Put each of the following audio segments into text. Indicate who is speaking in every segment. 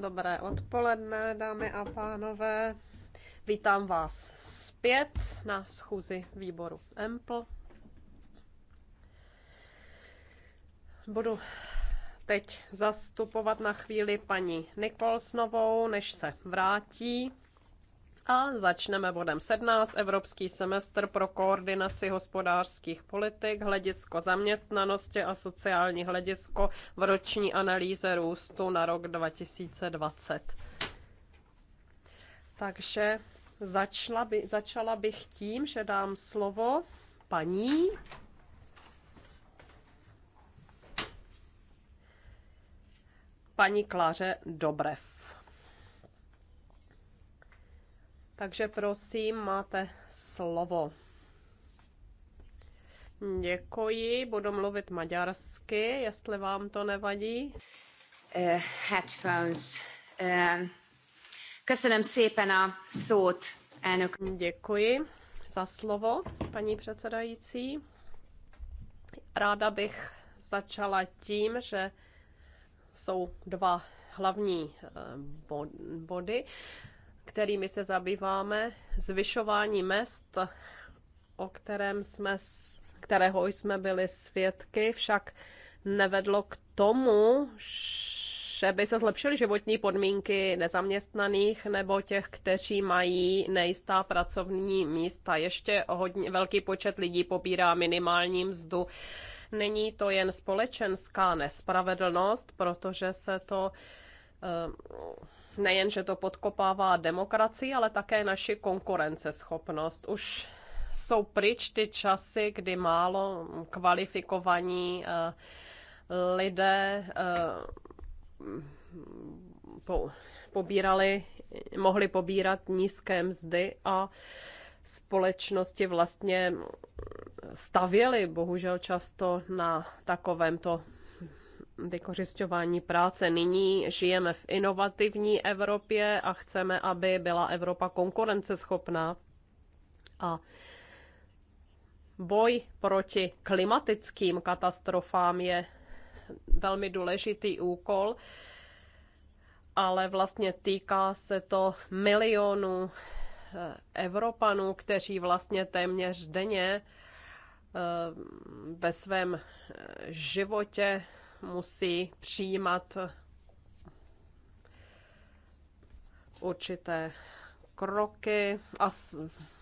Speaker 1: Dobré odpoledne, dámy a pánové. Vítám vás zpět na schůzi výboru EMPL. Budu teď zastupovat na chvíli paní Nikolsnovou, než se vrátí. A začneme bodem 17, Evropský semestr pro koordinaci hospodářských politik, hledisko zaměstnanosti a sociální hledisko v roční analýze růstu na rok 2020. Takže začala, by, začala bych tím, že dám slovo paní paní Kláře Dobrev. Takže prosím, máte slovo. Děkuji, budu mluvit maďarsky, jestli vám to nevadí. Uh, headphones. Uh, köszönöm szépen a szót, elnök. Děkuji za slovo, paní předsedající. Ráda bych začala tím, že jsou dva hlavní eh, body kterými se zabýváme, zvyšování mest, o kterém jsme, kterého jsme byli svědky, však nevedlo k tomu, že by se zlepšily životní podmínky nezaměstnaných nebo těch, kteří mají nejistá pracovní místa. Ještě hodně velký počet lidí pobírá minimální mzdu. Není to jen společenská nespravedlnost, protože se to uh, Nejen, že to podkopává demokracii, ale také naši konkurenceschopnost. Už jsou pryč ty časy, kdy málo kvalifikovaní eh, lidé eh, pobírali, mohli pobírat nízké mzdy a společnosti vlastně stavěly bohužel často na takovémto vykořišťování práce. Nyní žijeme v inovativní Evropě a chceme, aby byla Evropa konkurenceschopná. A boj proti klimatickým katastrofám je velmi důležitý úkol, ale vlastně týká se to milionů eh, Evropanů, kteří vlastně téměř denně eh, ve svém eh, životě musí přijímat určité kroky a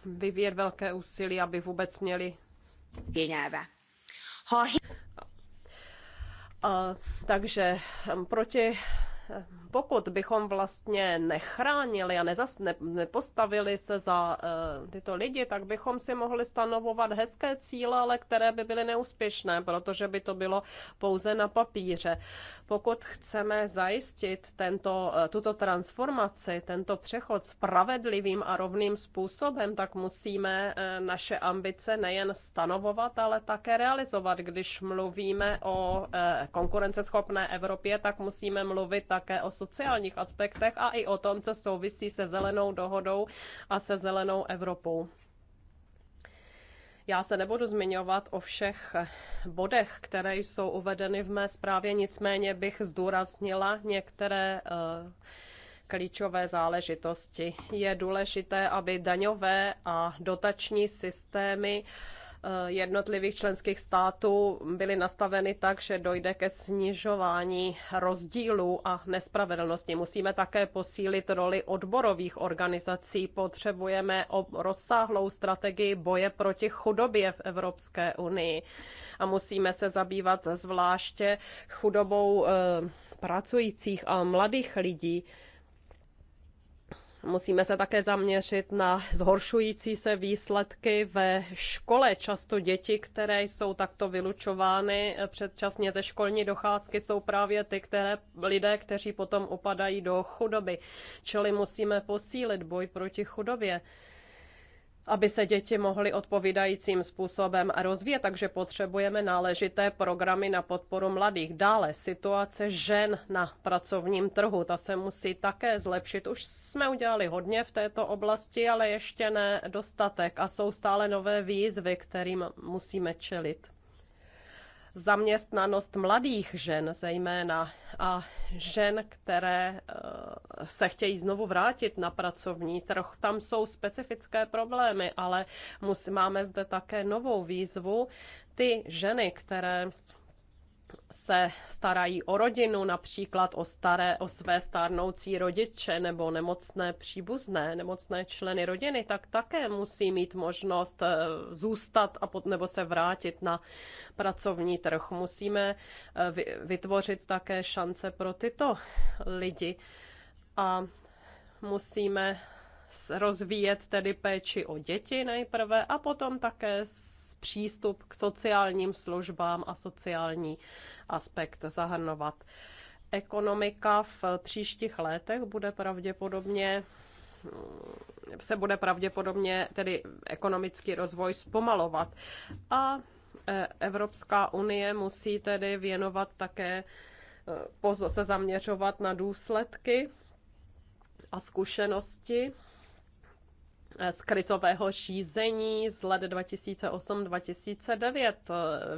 Speaker 1: vyvíjet velké úsilí, aby vůbec měli peněze. takže proti pokud bychom vlastně nechránili a nezas, ne, nepostavili se za uh, tyto lidi, tak bychom si mohli stanovovat hezké cíle, ale které by byly neúspěšné, protože by to bylo pouze na papíře. Pokud chceme zajistit tento, uh, tuto transformaci, tento přechod spravedlivým a rovným způsobem, tak musíme uh, naše ambice nejen stanovovat, ale také realizovat. Když mluvíme o uh, konkurenceschopné Evropě, tak musíme mluvit také o sociálních aspektech a i o tom, co souvisí se zelenou dohodou a se zelenou Evropou. Já se nebudu zmiňovat o všech bodech, které jsou uvedeny v mé zprávě, nicméně bych zdůraznila některé eh, klíčové záležitosti. Je důležité, aby daňové a dotační systémy Eh, jednotlivých členských států byly nastaveny tak, že dojde ke snižování rozdílů a nespravedlnosti. Musíme také posílit roli odborových organizací. Potřebujeme rozsáhlou strategii boje proti chudobě v Evropské unii a musíme se zabývat zvláště chudobou eh, pracujících a mladých lidí. Musíme se také zaměřit na zhoršující se výsledky ve škole. Často děti, které jsou takto vylučovány předčasně ze školní docházky, jsou právě ty které, lidé, kteří potom upadají do chudoby. Čili musíme posílit boj proti chudobě aby se děti mohly odpovídajícím způsobem rozvíjet, takže potřebujeme náležité programy na podporu mladých. Dále situace žen na pracovním trhu, ta se musí také zlepšit. Už jsme udělali hodně v této oblasti, ale ještě ne dostatek a jsou stále nové výzvy, kterým musíme čelit zaměstnanost mladých žen zejména a žen, které eh, se chtějí znovu vrátit na pracovní trh. Tam jsou specifické problémy, ale musí, máme zde také novou výzvu. Ty ženy, které se starají o rodinu, například o, staré, o své stárnoucí rodiče nebo nemocné příbuzné, nemocné členy rodiny, tak také musí mít možnost eh, zůstat a pot, nebo se vrátit na pracovní trh. Musíme eh, vytvořit také šance pro tyto lidi a musíme rozvíjet tedy péči o děti nejprve a potom také přístup k sociálním službám a sociální aspekt zahrnovat. Ekonomika v příštích letech bude pravděpodobně se bude pravděpodobně tedy ekonomický rozvoj zpomalovat. A e, Evropská unie musí tedy věnovat také, e, se zaměřovat na důsledky a zkušenosti z krizového řízení z let 2008-2009.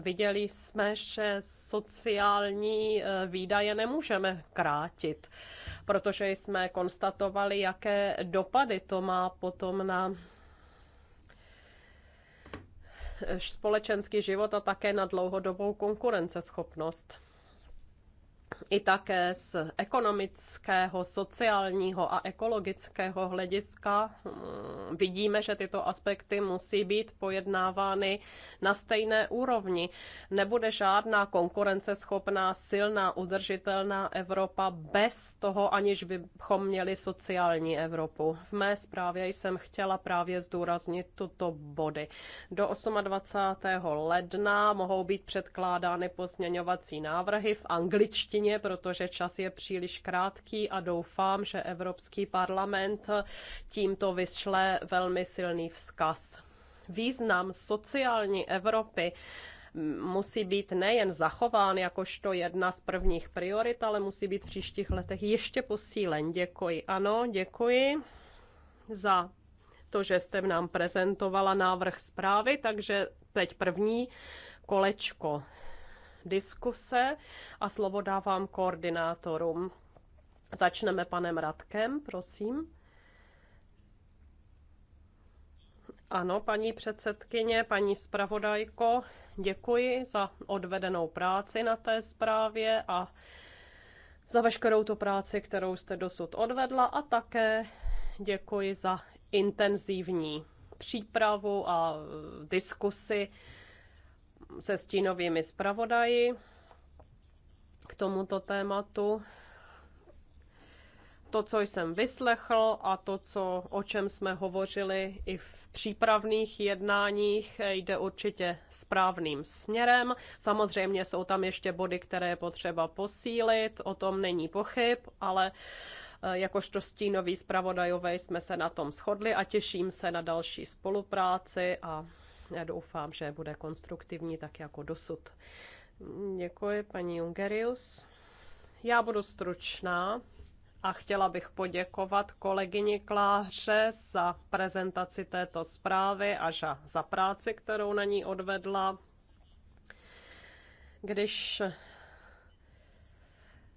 Speaker 1: Viděli jsme, že sociální eh, výdaje nemůžeme krátit, protože jsme konstatovali, jaké dopady to má potom na eh, společenský život a také na dlouhodobou konkurenceschopnost i také z ekonomického, sociálního a ekologického hlediska hmm, vidíme, že tyto aspekty musí být pojednávány na stejné úrovni. Nebude žádná konkurenceschopná, silná, udržitelná Evropa bez toho, aniž bychom měli sociální Evropu. V mé zprávě jsem chtěla právě zdůraznit tuto body. Do 28. ledna mohou být předkládány pozměňovací návrhy v angličtině stručně, protože čas je příliš krátký a doufám, že Evropský parlament tímto vyšle velmi silný vzkaz. Význam sociální Evropy musí být nejen zachován jakožto jedna z prvních priorit, ale musí být v příštích letech ještě posílen. Děkuji. Ano, děkuji za to, že jste nám prezentovala návrh zprávy, takže teď první kolečko diskuse a slovo dávám koordinátorům. Začneme panem Radkem, prosím. Ano, paní předsedkyně, paní zpravodajko, děkuji za odvedenou práci na té zprávě a za veškerou tu práci, kterou jste dosud odvedla a také děkuji za intenzivní přípravu a diskusy se stínovými zpravodaji k tomuto tématu. To, co jsem vyslechl a to, co, o čem jsme hovořili i v přípravných jednáních, jde určitě správným směrem. Samozřejmě jsou tam ještě body, které je potřeba posílit, o tom není pochyb, ale eh, jakožto stínový zpravodajové jsme se na tom shodli a těším se na další spolupráci a já doufám, že bude konstruktivní, tak jako dosud. Děkuji, paní Ungerius. Já budu stručná a chtěla bych poděkovat kolegyni Kláře za prezentaci této zprávy a za práci, kterou na ní odvedla. Když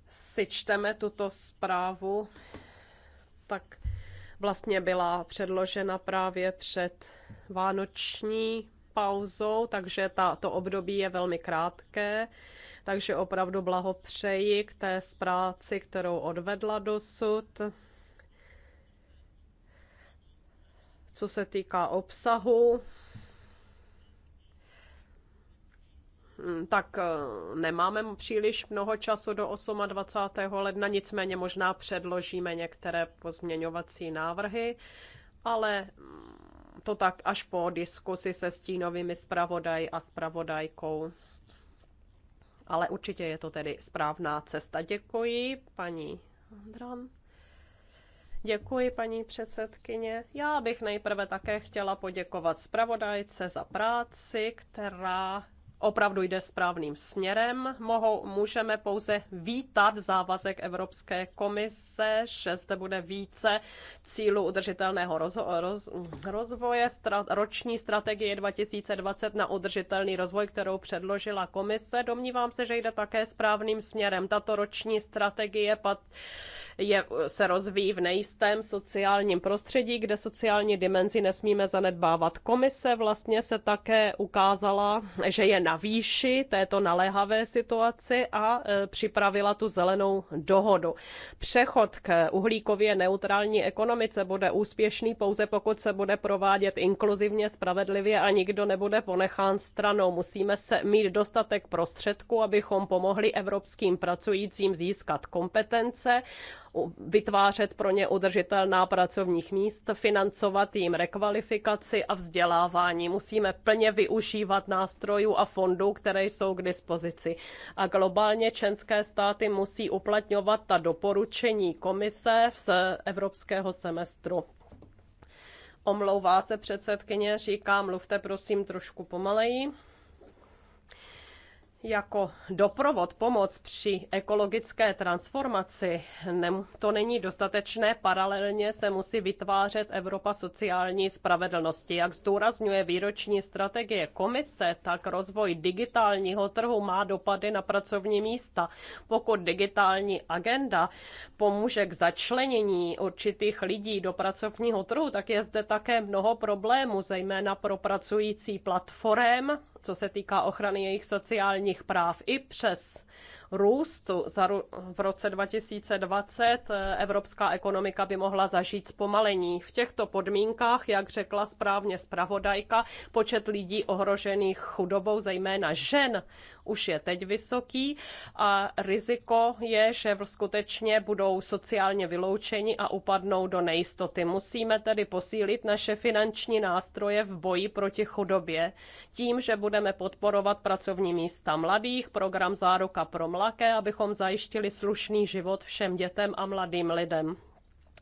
Speaker 1: si čteme tuto zprávu, tak vlastně byla předložena právě před vánoční pauzou, takže ta, to období je velmi krátké, takže opravdu blahopřeji k té zpráci, kterou odvedla dosud. Co se týká obsahu, hm, tak eh, nemáme příliš mnoho času do 28. ledna, nicméně možná předložíme některé pozměňovací návrhy, ale hm, to tak až po diskusi se stínovými zpravodaj a zpravodajkou. Ale určitě je to tedy správná cesta. Děkuji, paní Andran. Děkuji, paní předsedkyně. Já bych nejprve také chtěla poděkovat zpravodajce za práci, která opravdu jde správným směrem. Mohou, můžeme pouze vítat závazek Evropské komise, že zde bude více cílů udržitelného rozho- roz- rozvoje, stra- roční strategie 2020 na udržitelný rozvoj, kterou předložila komise. Domnívám se, že jde také správným směrem. Tato roční strategie pat- je, se rozvíjí v nejistém sociálním prostředí, kde sociální dimenzi nesmíme zanedbávat. Komise vlastně se také ukázala, že je na výši této naléhavé situaci a e, připravila tu zelenou dohodu. Přechod k uhlíkově neutrální ekonomice bude úspěšný pouze pokud se bude provádět inkluzivně, spravedlivě a nikdo nebude ponechán stranou. Musíme se mít dostatek prostředků, abychom pomohli evropským pracujícím získat kompetence, vytvářet pro ně udržitelná pracovních míst, financovat jim rekvalifikaci a vzdělávání. Musíme plně využívat nástrojů a fondů, které jsou k dispozici. A globálně členské státy musí uplatňovat ta doporučení komise z evropského semestru. Omlouvá se předsedkyně, říká, mluvte prosím trošku pomaleji jako doprovod pomoc při ekologické transformaci to není dostatečné. Paralelně se musí vytvářet Evropa sociální spravedlnosti. Jak zdůrazňuje výroční strategie komise, tak rozvoj digitálního trhu má dopady na pracovní místa. Pokud digitální agenda pomůže k začlenění určitých lidí do pracovního trhu, tak je zde také mnoho problémů, zejména pro pracující platform, co se týká ochrany jejich sociálních práv. I přes růst za v roce 2020 eh, evropská ekonomika by mohla zažít zpomalení. V těchto podmínkách, jak řekla správně zpravodajka, počet lidí ohrožených chudobou, zejména žen, už je teď vysoký a riziko je, že skutečně budou sociálně vyloučeni a upadnou do nejistoty. Musíme tedy posílit naše finanční nástroje v boji proti chudobě tím, že budeme podporovat pracovní místa mladých, program záruka pro mlaké, abychom zajištili slušný život všem dětem a mladým lidem.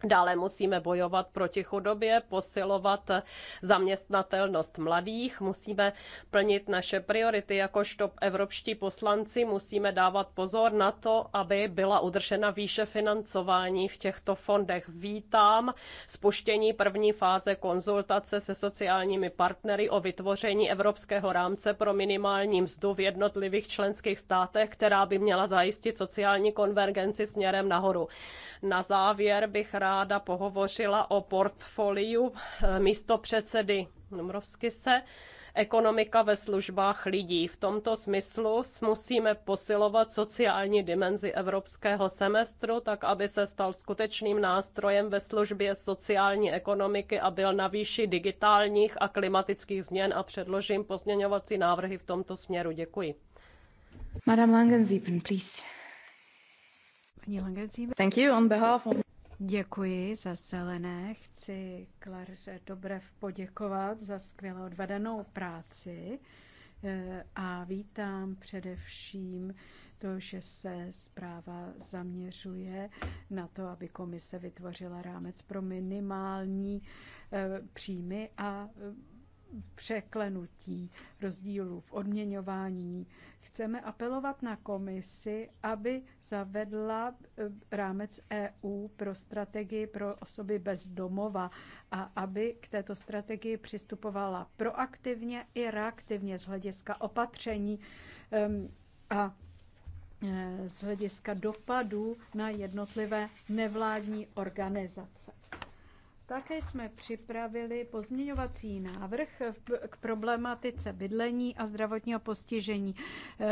Speaker 1: Dále musíme bojovat proti chudobě, posilovat zaměstnatelnost mladých, musíme plnit naše priority, jakožto evropští poslanci musíme dávat pozor na to, aby byla udržena výše financování v těchto fondech. Vítám spuštění první fáze konzultace se sociálními partnery o vytvoření evropského rámce pro minimální mzdu v jednotlivých členských státech, která by měla zajistit sociální konvergenci směrem nahoru. Na závěr bych rád ráda pohovořila o portfoliu eh, místo předsedy Nomrovskise ekonomika ve službách lidí. V tomto smyslu musíme posilovat sociální dimenzi evropského semestru, tak aby se stal skutečným nástrojem ve službě sociální ekonomiky a byl na výši digitálních a klimatických změn a předložím pozměňovací návrhy v tomto směru. Děkuji.
Speaker 2: Madame Langenzieben, please.
Speaker 3: Thank you on behalf of Děkuji za zelené. Chci Klarře dobře poděkovat za skvěle odvedenou práci eh, a vítám především to, že se zpráva zaměřuje na to, aby komise vytvořila rámec pro minimální eh, příjmy a eh, překlenutí rozdílů v odměňování. Chceme apelovat na komisi, aby zavedla eh, rámec EU pro strategii pro osoby bez domova a aby k této strategii přistupovala proaktivně i reaktivně z hlediska opatření ehm, a eh, z hlediska dopadů na jednotlivé nevládní organizace. Také jsme připravili pozměňovací návrh k problematice bydlení a zdravotního postižení. Eh,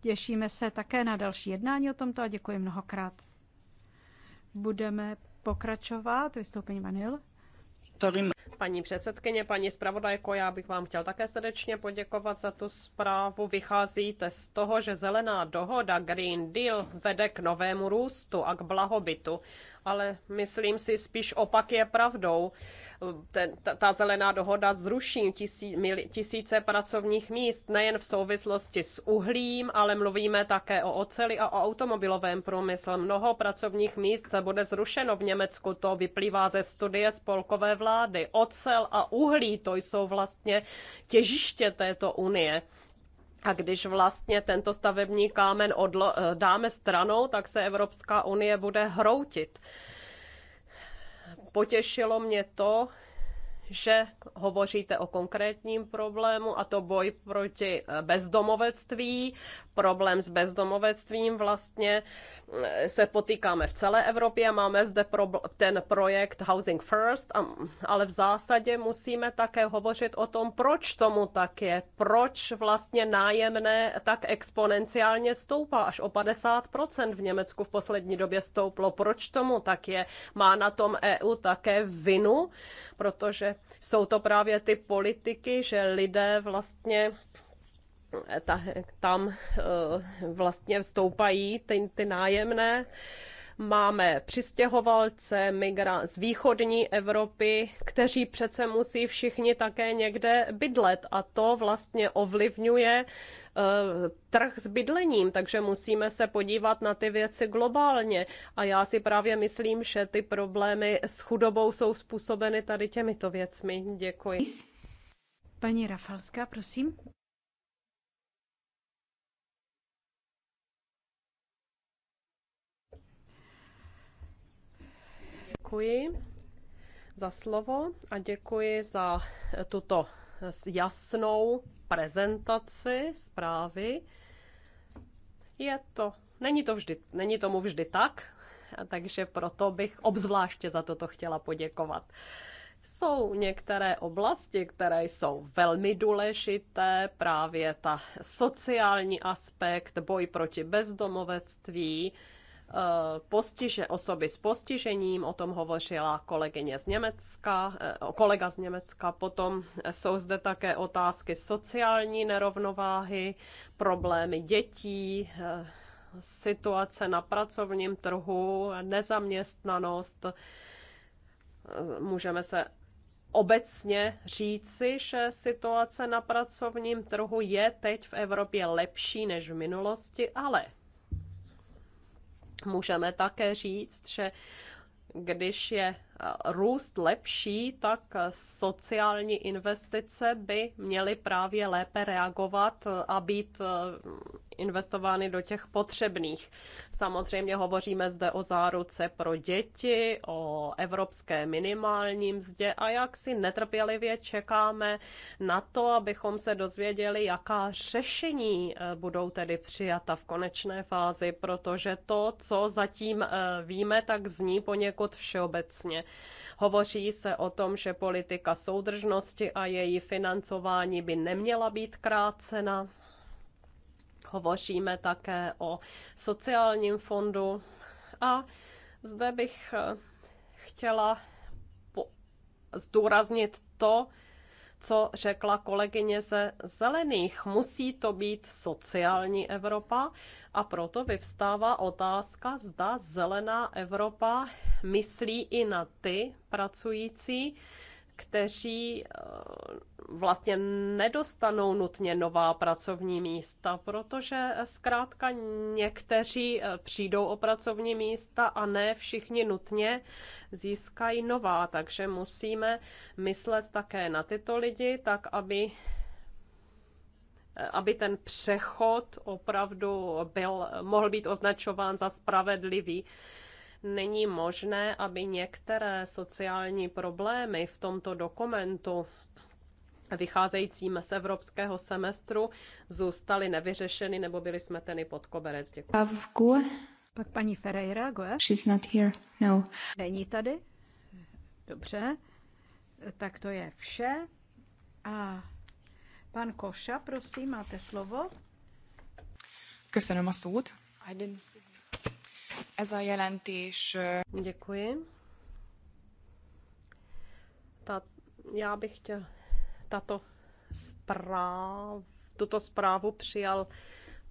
Speaker 3: těšíme se také na další jednání o tomto a děkuji mnohokrát. Budeme pokračovat vystoupení Vanil.
Speaker 1: Paní předsedkyně, paní zpravodajko, já bych vám chtěl také srdečně poděkovat za tu zprávu. Vycházíte z toho, že zelená dohoda Green Deal vede k novému růstu a k blahobytu ale myslím si spíš opak je pravdou. Ten, ta, ta zelená dohoda zruší tisí, mili, tisíce pracovních míst nejen v souvislosti s uhlím, ale mluvíme také o oceli a o automobilovém průmyslu. Mnoho pracovních míst bude zrušeno v Německu, to vyplývá ze studie spolkové vlády. Ocel a uhlí to jsou vlastně těžiště této unie. A když vlastně tento stavební kámen odlo- eh, dáme stranou, tak se Evropská unie bude hroutit. Potěšilo mě to, že hovoříte o konkrétním problému, a to boj proti eh, bezdomovectví. Problém s bezdomovectvím vlastně eh, se potýkáme v celé Evropě. Máme zde ten projekt Housing First, ale v zásadě musíme také hovořit o tom, proč tomu tak je, proč vlastně nájemné tak exponenciálně stoupá, až o 50% v Německu v poslední době stouplo. Proč tomu tak je? Má na tom EU také vinu, protože jsou to právě ty politiky, že lidé vlastně eh, tam eh, vlastně vstoupají ty, ty nájemné Máme přistěhovalce migra- z východní Evropy, kteří přece musí všichni také někde bydlet a to vlastně ovlivňuje eh, trh s bydlením, takže musíme se podívat na ty věci globálně. A já si právě myslím, že ty problémy s chudobou jsou způsobeny tady těmito věcmi. Děkuji.
Speaker 3: Paní Rafalská, prosím.
Speaker 1: děkuji za slovo a děkuji za tuto jasnou prezentaci zprávy. Je to, není, to vždy, není tomu vždy tak, a takže proto bych obzvláště za toto chtěla poděkovat. Jsou některé oblasti, které jsou velmi důležité, právě ta sociální aspekt, boj proti bezdomovectví, Eh, postiže, osoby s postižením, o tom hovořila kolegyně z Německa, eh, kolega z Německa, potom jsou zde také otázky sociální nerovnováhy, problémy dětí, eh, situace na pracovním trhu, nezaměstnanost. Můžeme se obecně říci, že situace na pracovním trhu je teď v Evropě lepší než v minulosti, ale Můžeme také říct, že když je růst lepší, tak sociální investice by měly právě lépe reagovat a být eh, investovány do těch potřebných. Samozřejmě hovoříme zde o záruce pro děti, o evropské minimální mzdě a jak si netrpělivě čekáme na to, abychom se dozvěděli, jaká řešení eh, budou tedy přijata v konečné fázi, protože to, co zatím eh, víme, tak zní poněkud všeobecně. Hovoří se o tom, že politika soudržnosti a její financování by neměla být krácena. Hovoříme také o sociálním fondu. A zde bych eh, chtěla zdůraznit to, co řekla kolegyně ze Zelených. Musí to být sociální Evropa a proto vyvstává otázka, zda Zelená Evropa myslí i na ty pracující, kteří eh, vlastně nedostanou nutně nová pracovní místa, protože zkrátka někteří eh, přijdou o pracovní místa a ne všichni nutně získají nová. Takže musíme myslet také na tyto lidi, tak aby eh, aby ten přechod opravdu byl, mohl být označován za spravedlivý. Není možné, aby některé sociální problémy v tomto dokumentu vycházejícím z evropského semestru zůstaly nevyřešeny nebo byly smeteny pod koberec.
Speaker 3: Děkuji. Pak paní Ferreira, Goe? She's not here, no. Není tady? Dobře. Tak to je vše. A pan Koša, prosím, máte slovo.
Speaker 1: Köszönöm a szót.
Speaker 2: I didn't see.
Speaker 1: Ez a jelentés. Děkuji. Ta, já bych chtěl tato zpráv, tuto zprávu přijal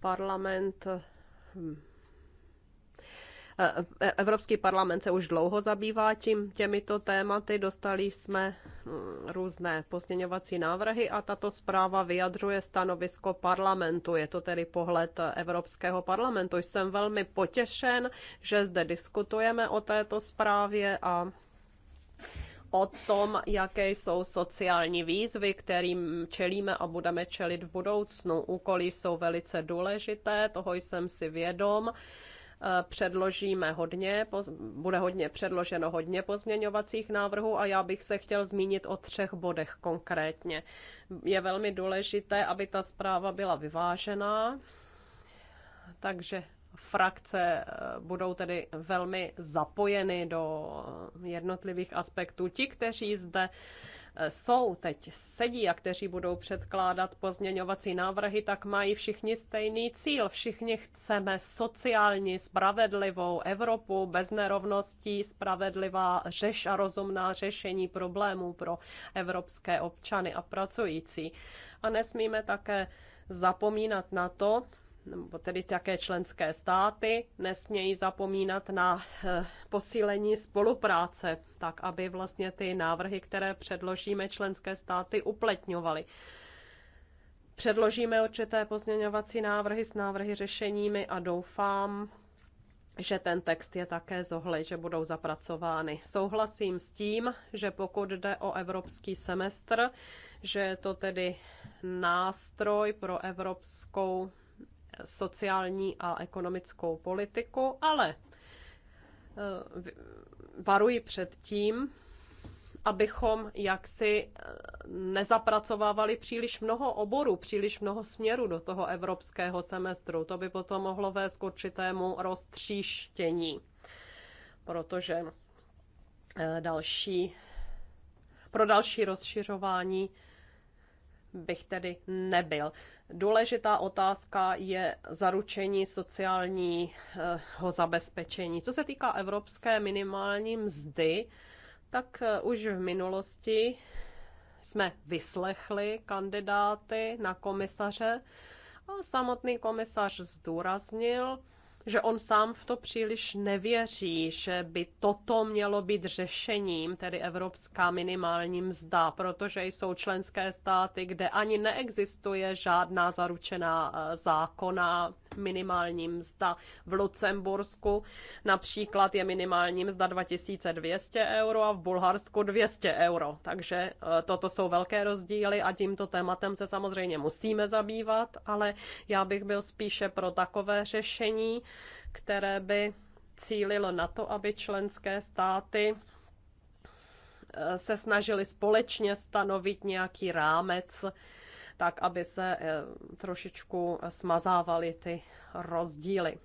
Speaker 1: parlament hm, E, e, Evropský parlament se už dlouho zabývá tím, těmito tématy. Dostali jsme mm, různé pozměňovací návrhy a tato zpráva vyjadřuje stanovisko parlamentu. Je to tedy pohled Evropského parlamentu. Jsem velmi potěšen, že zde diskutujeme o této zprávě a o tom, jaké jsou sociální výzvy, kterým čelíme a budeme čelit v budoucnu. Úkoly jsou velice důležité, toho jsem si vědom. Předložíme hodně, bude hodně předloženo hodně pozměňovacích návrhů a já bych se chtěl zmínit o třech bodech konkrétně. Je velmi důležité, aby ta zpráva byla vyvážená, takže frakce eh, budou tedy velmi zapojeny do jednotlivých aspektů. Ti, kteří zde Eh, jsou teď sedí a kteří budou předkládat pozměňovací návrhy, tak mají všichni stejný cíl. Všichni chceme sociální, spravedlivou Evropu, bez nerovností, spravedlivá řeš a rozumná řešení problémů pro evropské občany a pracující. A nesmíme také zapomínat na to, nebo tedy také členské státy nesmějí zapomínat na eh, posílení spolupráce, tak aby vlastně ty návrhy, které předložíme, členské státy upletňovaly. Předložíme určité pozměňovací návrhy s návrhy řešeními a doufám, že ten text je také zohled, že budou zapracovány. Souhlasím s tím, že pokud jde o evropský semestr, že je to tedy nástroj pro evropskou sociální a ekonomickou politiku, ale eh, varuji před tím, abychom jaksi eh, nezapracovávali příliš mnoho oborů, příliš mnoho směrů do toho evropského semestru. To by potom mohlo vést k určitému roztříštění, protože eh, další, pro další rozšiřování bych tedy nebyl. Důležitá otázka je zaručení sociálního zabezpečení. Co se týká evropské minimální mzdy, tak eh, už v minulosti jsme vyslechli kandidáty na komisaře a samotný komisař zdůraznil, že on sám v to příliš nevěří, že by toto mělo být řešením, tedy evropská minimální mzda, protože jsou členské státy, kde ani neexistuje žádná zaručená eh, zákona minimální mzda. V Lucembursku například je minimální mzda 2200 euro a v Bulharsku 200 euro. Takže e, toto jsou velké rozdíly a tímto tématem se samozřejmě musíme zabývat, ale já bych byl spíše pro takové řešení, které by cílilo na to, aby členské státy e, se snažili společně stanovit nějaký rámec, tak aby se eh, trošičku smazávaly ty rozdíly.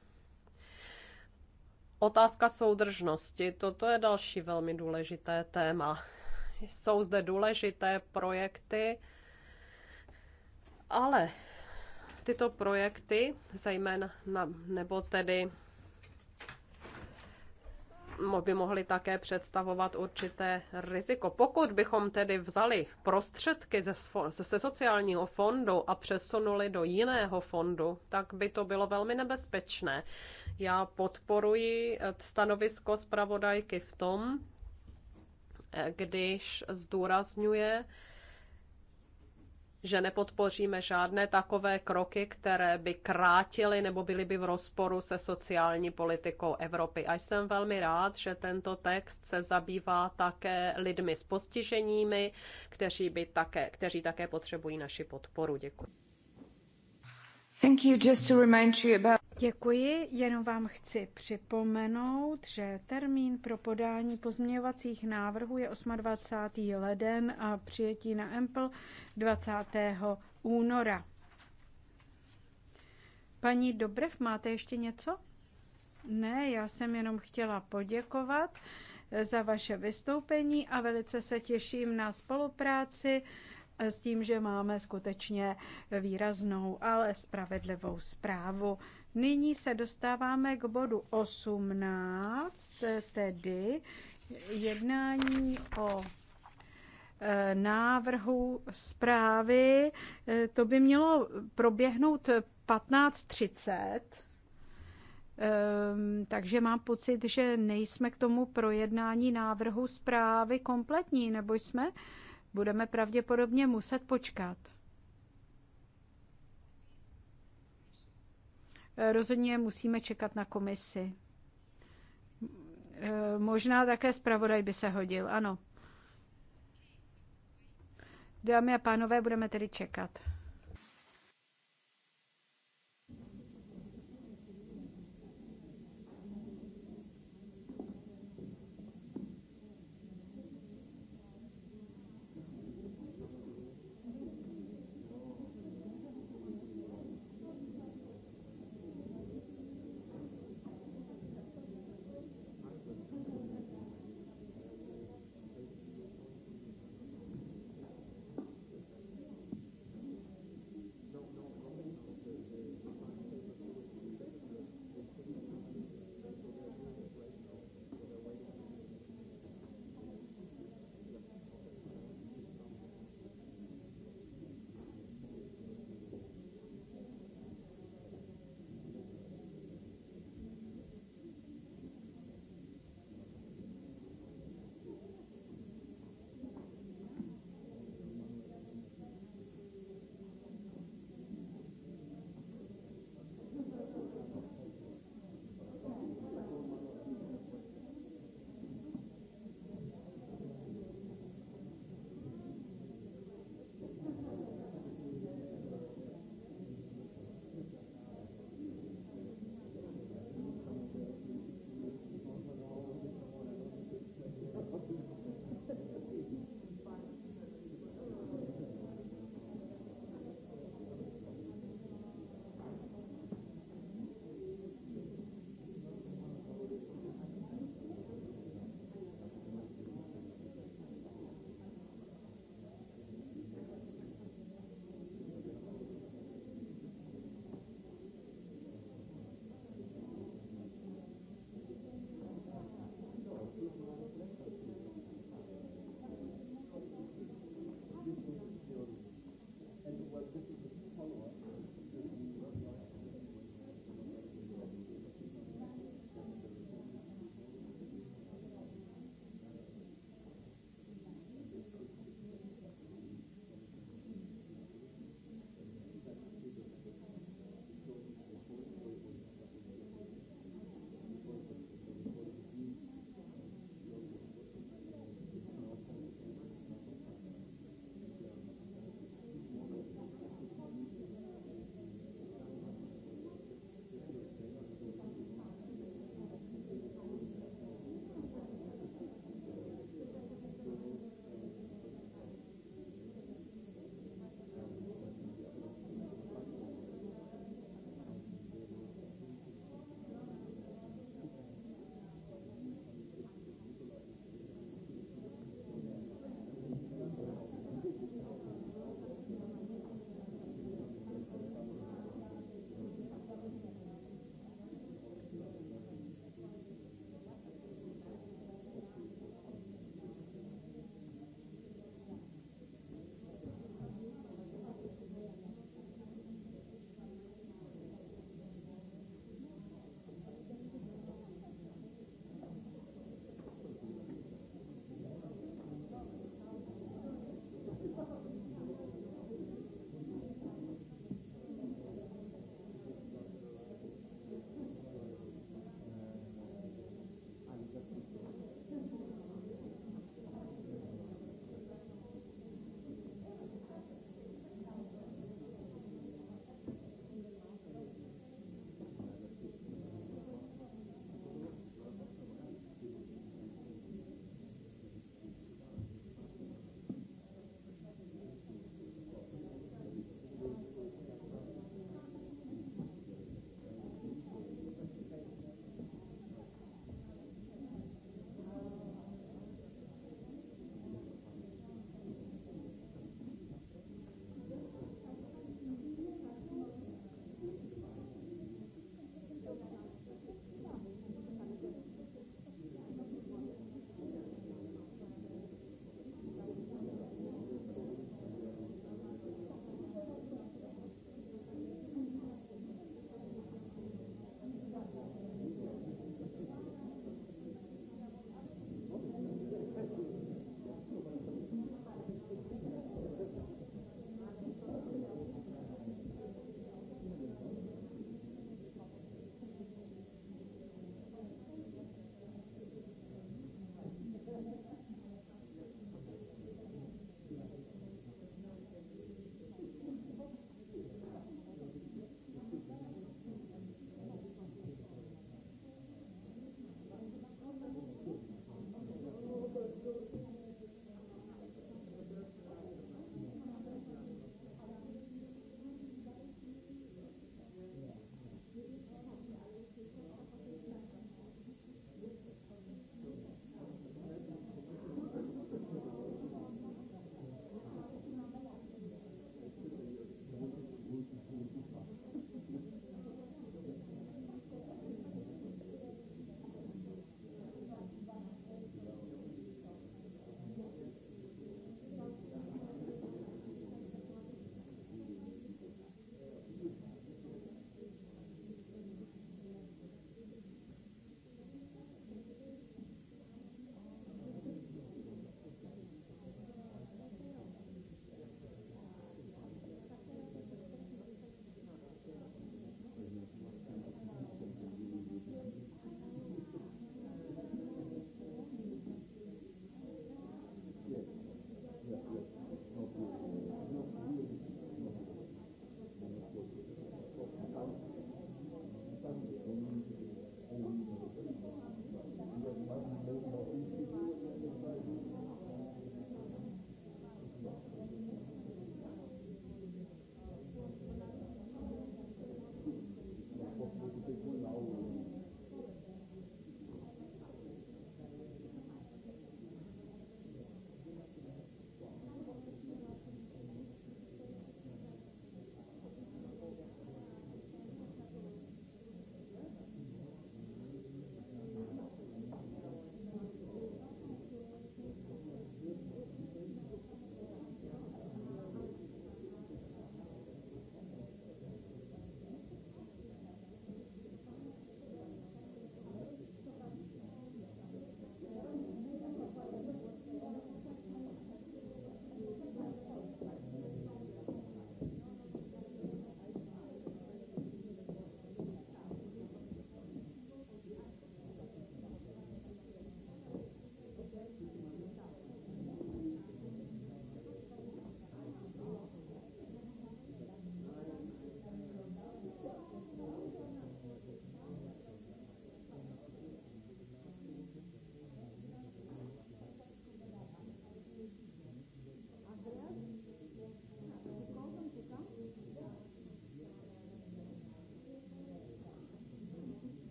Speaker 1: Otázka soudržnosti, toto je další velmi důležité téma. Jsou zde důležité projekty, ale tyto projekty, zejména nebo tedy by mohly také představovat určité riziko. Pokud bychom tedy vzali prostředky ze, ze sociálního fondu a přesunuli do jiného fondu, tak by to bylo velmi nebezpečné. Já podporuji eh, stanovisko zpravodajky v tom, eh, když zdůrazňuje, že nepodpoříme žádné takové kroky, které by krátily nebo byly by v rozporu se sociální politikou Evropy. A jsem velmi rád, že tento text se zabývá také lidmi s postiženími, kteří, by také, kteří také potřebují naši podporu. Děkuji.
Speaker 3: Děkuji, jenom vám chci připomenout, že termín pro podání pozměňovacích návrhů je 28. leden a přijetí na EMPL 20. února. Paní Dobrev, máte ještě něco? Ne, já jsem jenom chtěla poděkovat za vaše vystoupení a velice se těším na spolupráci s tím, že máme skutečně výraznou, ale spravedlivou zprávu. Nyní se dostáváme k bodu 18, tedy jednání o e, návrhu zprávy. E, to by mělo proběhnout 15.30, ehm, takže mám pocit, že nejsme k tomu projednání návrhu zprávy kompletní, nebo jsme? budeme pravděpodobně muset počkat. Eh, rozhodně musíme čekat na komisi. Eh, možná také zpravodaj by se hodil, ano. Dámy a pánové, budeme tedy čekat.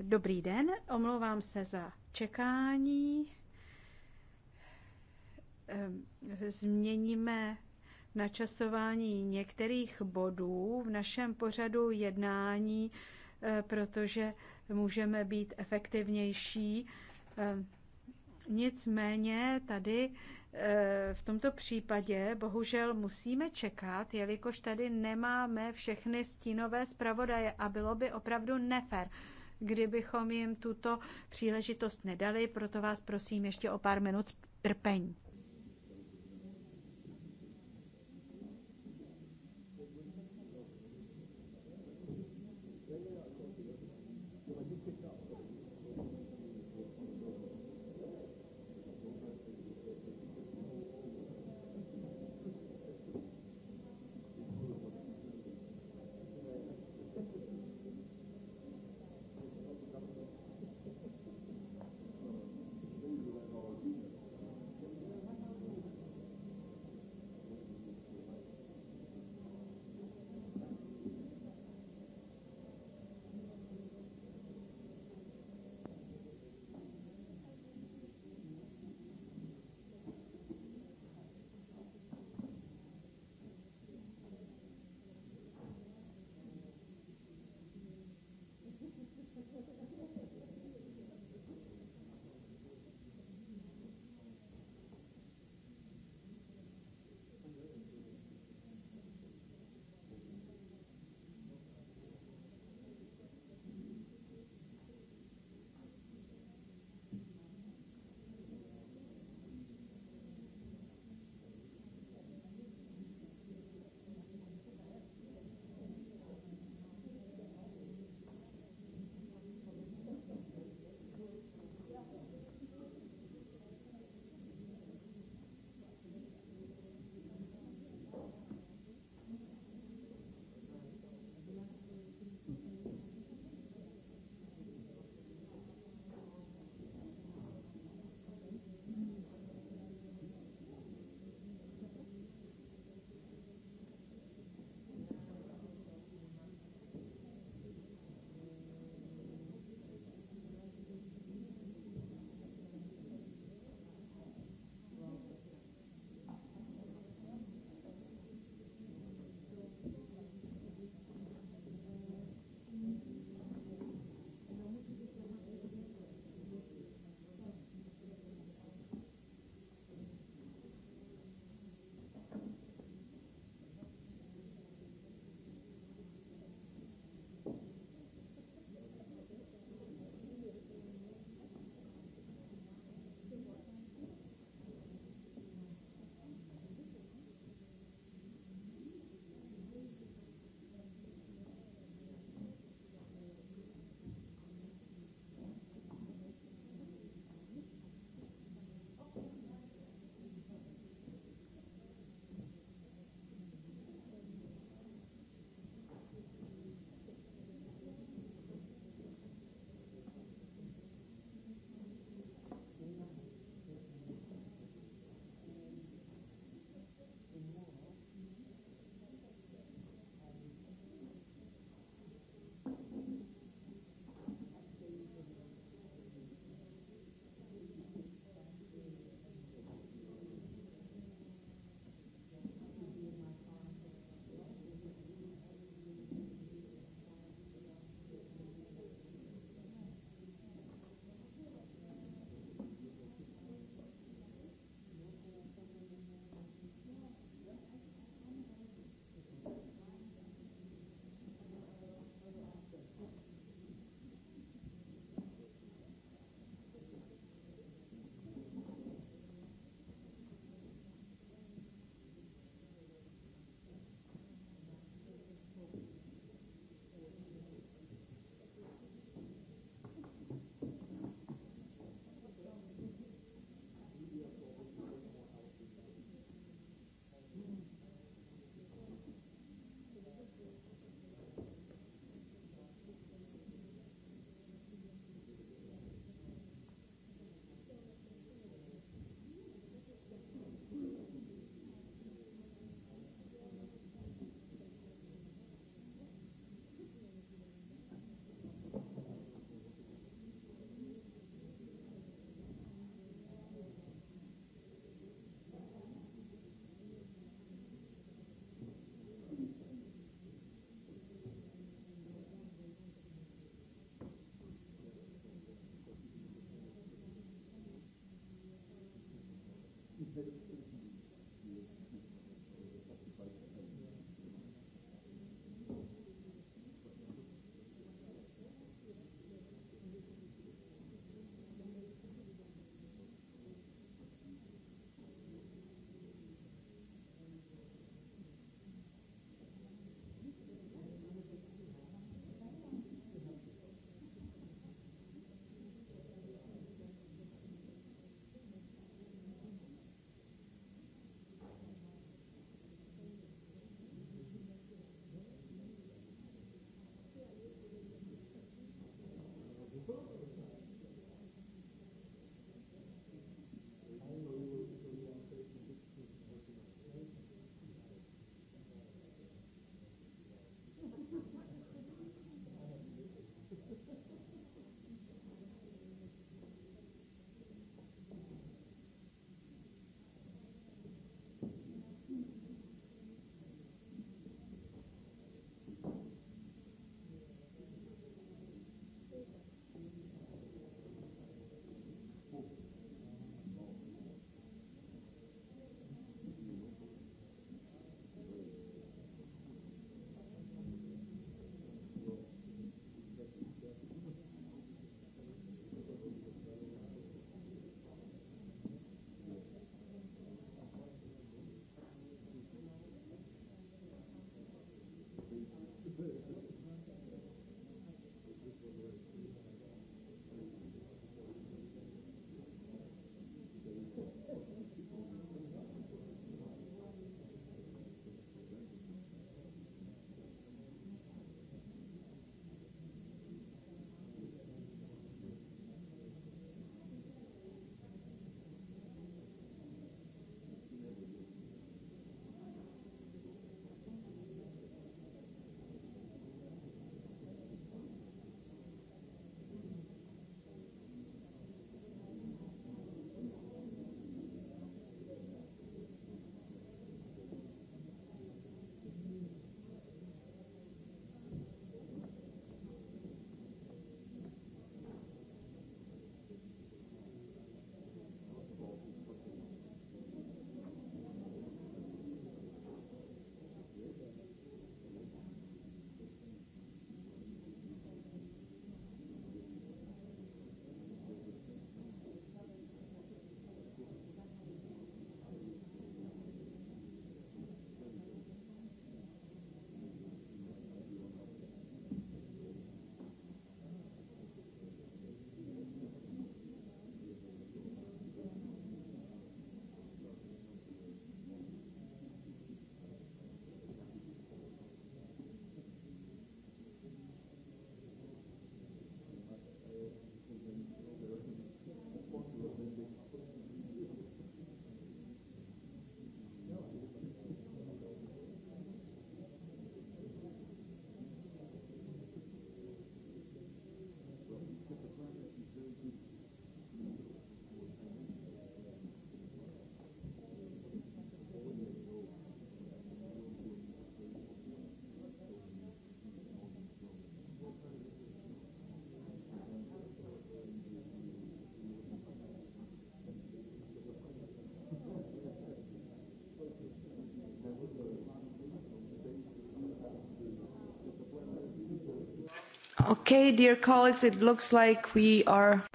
Speaker 3: Dobrý den, omlouvám se za čekání. Ehm, změníme načasování některých bodů v našem pořadu jednání, eh, protože můžeme být efektivnější ehm, Nicméně tady eh, v tomto případě bohužel musíme čekat, jelikož tady nemáme všechny stínové zpravodaje a bylo by opravdu nefér, kdybychom jim tuto příležitost nedali, proto vás prosím ještě o pár minut trpení. Thank you.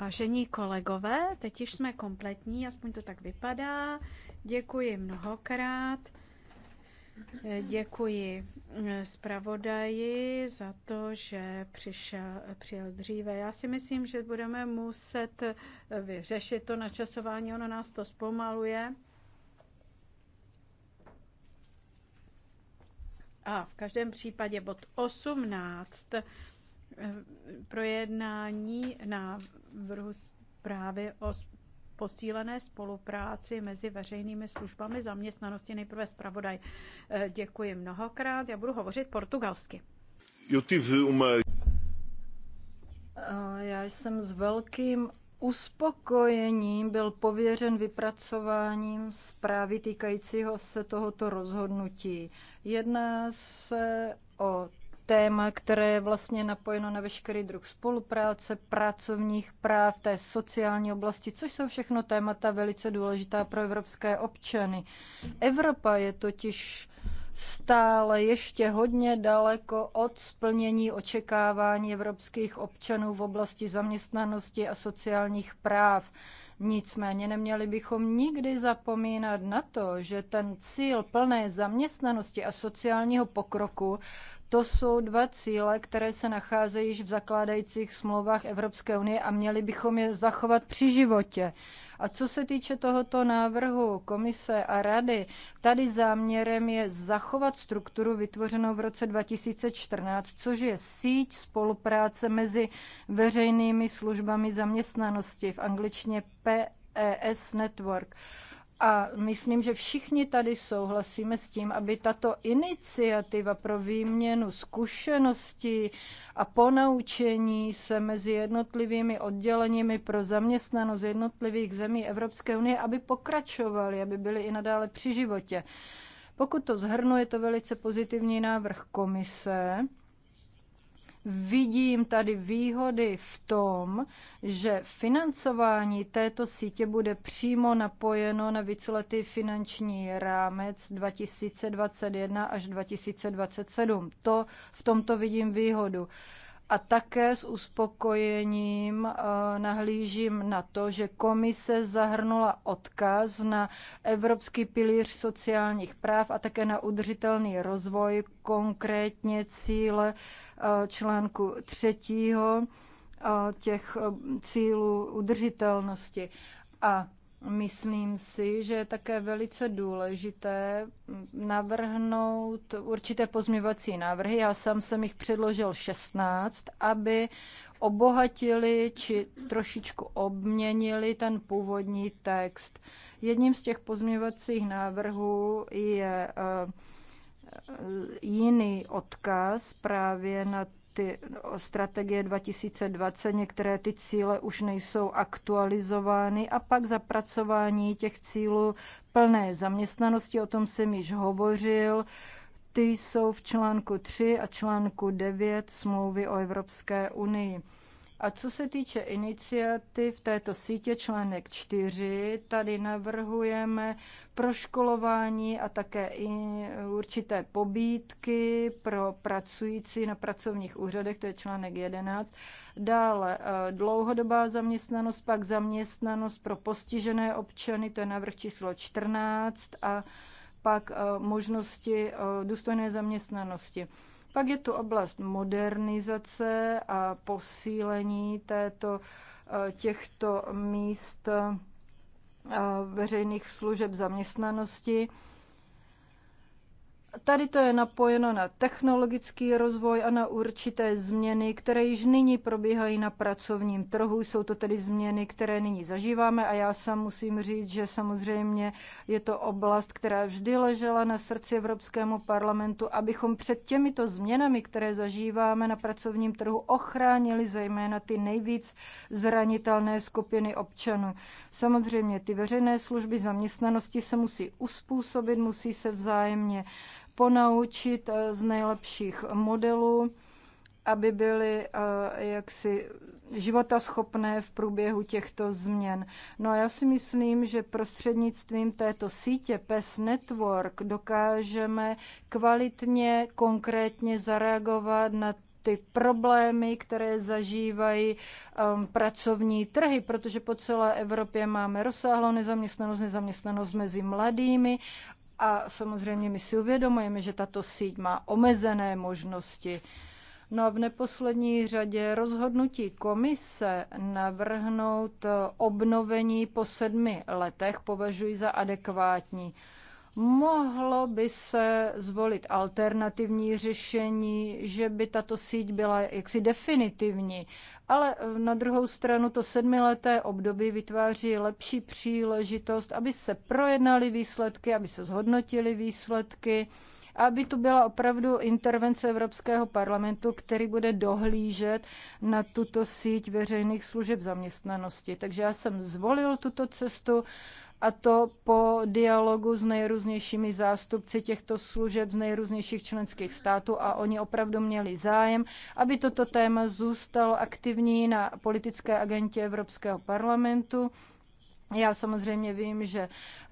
Speaker 3: Vážení kolegové, teď už jsme kompletní, aspoň to tak vypadá. Děkuji mnohokrát. Děkuji eh, zpravodaji za to, že přišel, přijel dříve. Já si myslím, že budeme muset eh, vyřešit to načasování, ono nás to zpomaluje. A v každém případě bod 18 Eh, projednání návrhu zprávy o posílené spolupráci mezi veřejnými službami zaměstnanosti. Nejprve zpravodaj. Eh, děkuji mnohokrát. Já budu hovořit portugalsky. Eh,
Speaker 2: já jsem s velkým uspokojením byl pověřen vypracováním zprávy týkajícího se tohoto rozhodnutí. Jedná se o téma, které je vlastně napojeno na veškerý druh spolupráce, pracovních práv, té sociální oblasti, což jsou všechno témata velice důležitá pro evropské občany. Evropa je totiž stále ještě hodně daleko od splnění očekávání evropských občanů v oblasti zaměstnanosti a sociálních práv. Nicméně neměli bychom nikdy zapomínat na to, že ten cíl plné zaměstnanosti a sociálního pokroku to jsou dva cíle, které se nacházejí již v zakládajících smlouvách Evropské unie a měli bychom je zachovat při životě. A co se týče tohoto návrhu komise a rady, tady záměrem je zachovat strukturu vytvořenou v roce 2014, což je síť spolupráce mezi veřejnými službami zaměstnanosti v angličtině PES Network. A myslím, že všichni tady souhlasíme s tím, aby tato iniciativa pro výměnu zkušeností a ponaučení se mezi jednotlivými odděleními pro zaměstnanost jednotlivých zemí Evropské unie, aby pokračovaly, aby byly i nadále při životě. Pokud to zhrnu, je to velice pozitivní návrh komise Vidím tady výhody v tom, že financování této sítě bude přímo napojeno na víceletý finanční rámec 2021 až 2027. To v tomto vidím výhodu. A také s uspokojením eh, nahlížím na to, že komise zahrnula odkaz na Evropský pilíř sociálních práv a také na udržitelný rozvoj, konkrétně cíle eh, článku třetího eh, těch cílů udržitelnosti. A Myslím si, že je také velice důležité navrhnout určité pozměvací návrhy. Já sám jsem jich předložil 16, aby obohatili či trošičku obměnili ten původní text. Jedním z těch pozměvacích návrhů je eh, jiný odkaz právě na ty strategie 2020, některé ty cíle už nejsou aktualizovány a pak zapracování těch cílů plné zaměstnanosti, o tom jsem již hovořil, ty jsou v článku 3 a článku 9 smlouvy o Evropské unii. A co se týče iniciativ této sítě článek 4, tady navrhujeme proškolování a také i určité pobídky pro pracující na pracovních úřadech, to je článek 11. Dále eh, dlouhodobá zaměstnanost, pak zaměstnanost pro postižené občany, to je návrh číslo 14 a pak eh, možnosti eh, důstojné zaměstnanosti. Pak je tu oblast modernizace a posílení této, eh, těchto míst eh, veřejných služeb zaměstnanosti. Tady to je napojeno na technologický rozvoj a na určité změny, které již nyní probíhají na pracovním trhu. Jsou to tedy změny, které nyní zažíváme a já sám musím říct, že samozřejmě je to oblast, která vždy ležela na srdci Evropskému parlamentu, abychom před těmito změnami, které zažíváme na pracovním trhu, ochránili zejména ty nejvíc zranitelné skupiny občanů. Samozřejmě ty veřejné služby zaměstnanosti se musí uspůsobit, musí se vzájemně ponaučit eh, z nejlepších modelů, aby byly eh, jaksi životaschopné v průběhu těchto změn. No a já si myslím, že prostřednictvím této sítě PES Network dokážeme kvalitně, konkrétně zareagovat na ty problémy, které zažívají um, pracovní trhy, protože po celé Evropě máme rozsáhlou nezaměstnanost, nezaměstnanost mezi mladými a samozřejmě my si uvědomujeme, že tato síť má omezené možnosti. No a v neposlední řadě rozhodnutí komise navrhnout obnovení po sedmi letech považuji za adekvátní. Mohlo by se zvolit alternativní řešení, že by tato síť byla jaksi definitivní, ale na druhou stranu to sedmileté období vytváří lepší příležitost, aby se projednaly výsledky, aby se zhodnotily výsledky, aby tu byla opravdu intervence Evropského parlamentu, který bude dohlížet na tuto síť veřejných služeb zaměstnanosti. Takže já jsem zvolil tuto cestu a to po dialogu s nejrůznějšími zástupci těchto služeb z nejrůznějších členských států a oni opravdu měli zájem, aby toto téma zůstalo aktivní na politické agentě Evropského parlamentu. Já samozřejmě vím, že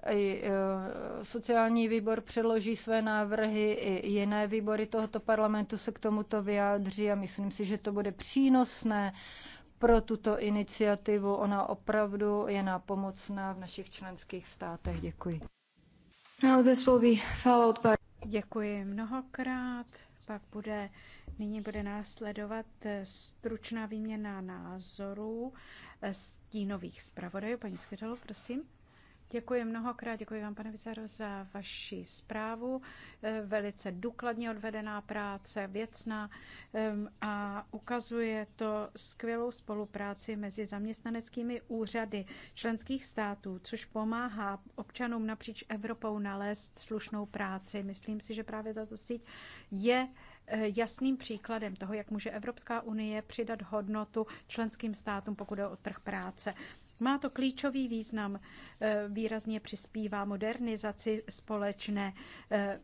Speaker 2: i e, sociální výbor předloží své návrhy, i jiné výbory tohoto parlamentu se k tomuto vyjádří a myslím si, že to bude přínosné pro tuto iniciativu. Ona opravdu je nápomocná v našich členských státech. Děkuji. Now this will be followed
Speaker 3: by... Děkuji mnohokrát. Pak bude, nyní bude následovat eh, stručná výměna názorů eh, stínových zpravodajů. Paní Světalo, prosím. Děkuji mnohokrát, děkuji vám, pane Vizaro, za vaši zprávu. Eh, velice důkladně odvedená práce, věcná ehm, a ukazuje to skvělou spolupráci mezi zaměstnaneckými úřady členských států, což pomáhá občanům napříč Evropou nalézt slušnou práci. Myslím si, že právě tato síť je eh, jasným příkladem toho, jak může Evropská unie přidat hodnotu členským státům, pokud je o trh práce. Má to klíčový význam, eh, výrazně přispívá modernizaci společné eh,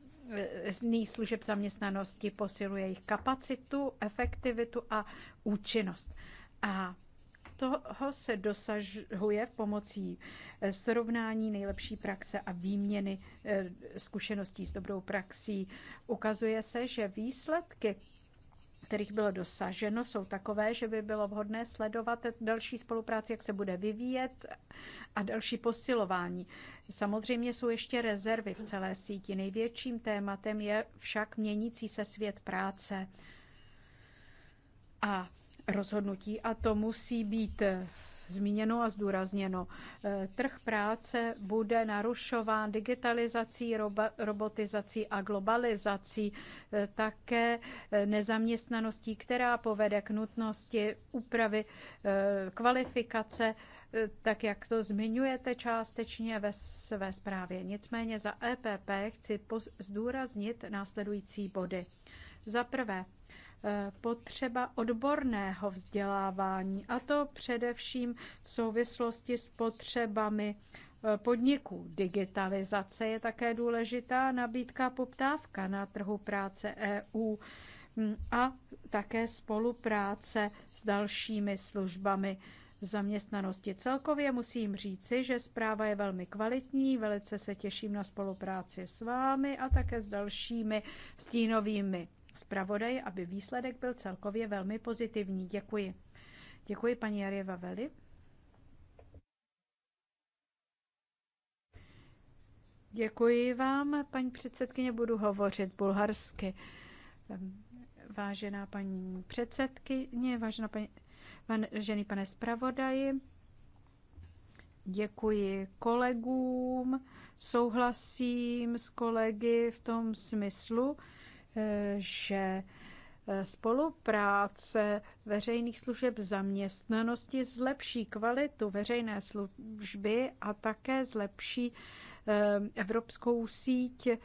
Speaker 3: služeb zaměstnanosti, posiluje jejich kapacitu, efektivitu a účinnost. A toho se dosažuje pomocí eh, srovnání nejlepší praxe a výměny zkušeností s dobrou praxí. Ukazuje se, že výsledky kterých bylo dosaženo, jsou takové, že by bylo vhodné sledovat další spolupráci, jak se bude vyvíjet a další posilování. Samozřejmě jsou ještě rezervy v celé síti. Největším tématem je však měnící se svět práce a rozhodnutí a to musí být zmíněno a zdůrazněno. Eh, trh práce bude narušován digitalizací, robotizací a globalizací, eh, také eh, nezaměstnaností, která povede k nutnosti úpravy kvalifikace tak jak to zmiňujete částečně ve své zprávě. Nicméně za EPP chci zdůraznit následující body. Za prvé, Eh, potřeba odborného vzdělávání, a to především v souvislosti s potřebami eh, podniků. Digitalizace je také důležitá nabídka poptávka na trhu práce EU hm, a také spolupráce s dalšími službami zaměstnanosti. Celkově musím říci, že zpráva je velmi kvalitní, velice se těším na spolupráci s vámi a také s dalšími stínovými zpravodaj, aby výsledek byl celkově velmi pozitivní. Děkuji. Děkuji paní Jarjeva Vaveli. Děkuji vám, paní předsedkyně, budu hovořit bulharsky. Ehm, vážená paní předsedkyně, vážená paní, vážený pane zpravodaji, děkuji kolegům, souhlasím s kolegy v tom smyslu, že eh, spolupráce veřejných služeb zaměstnanosti zlepší kvalitu veřejné služby a také zlepší eh, evropskou síť eh,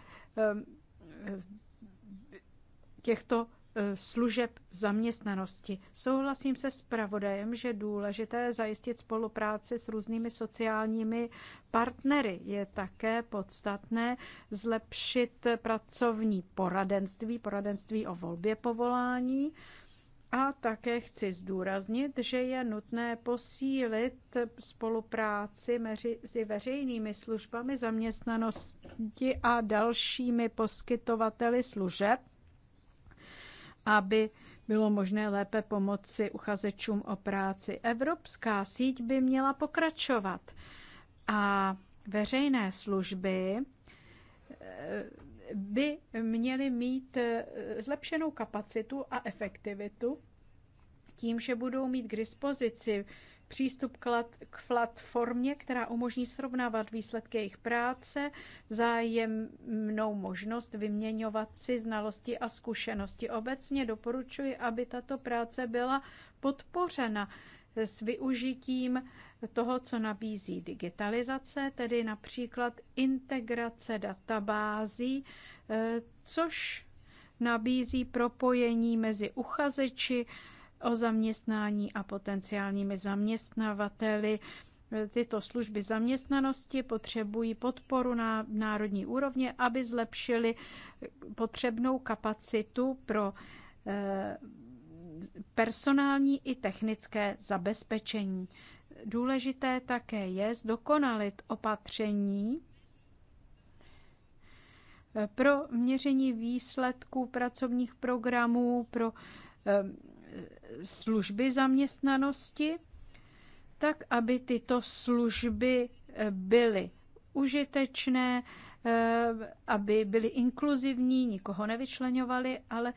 Speaker 3: těchto Eh, služeb zaměstnanosti. Souhlasím se s pravodajem, že důležité zajistit spolupráci s různými sociálními partnery. Je také podstatné zlepšit pracovní poradenství, poradenství o volbě povolání. A také chci zdůraznit, že je nutné posílit spolupráci mezi veřejnými službami zaměstnanosti a dalšími poskytovateli služeb aby bylo možné lépe pomoci uchazečům o práci. Evropská síť by měla pokračovat a veřejné služby eh, by měly mít eh, zlepšenou kapacitu a efektivitu tím, že budou mít k dispozici přístup k platformě, která umožní srovnávat výsledky jejich práce, zájemnou možnost vyměňovat si znalosti a zkušenosti. Obecně doporučuji, aby tato práce byla podpořena s využitím toho, co nabízí digitalizace, tedy například integrace databází, eh, což nabízí propojení mezi uchazeči, o zaměstnání a potenciálními zaměstnavateli. Tyto služby zaměstnanosti potřebují podporu na národní úrovně, aby zlepšili potřebnou kapacitu pro eh, personální i technické zabezpečení. Důležité také je zdokonalit opatření eh, pro měření výsledků pracovních programů, pro eh, služby zaměstnanosti, tak aby tyto služby eh, byly užitečné, eh, aby byly inkluzivní, nikoho nevyčlenovali, ale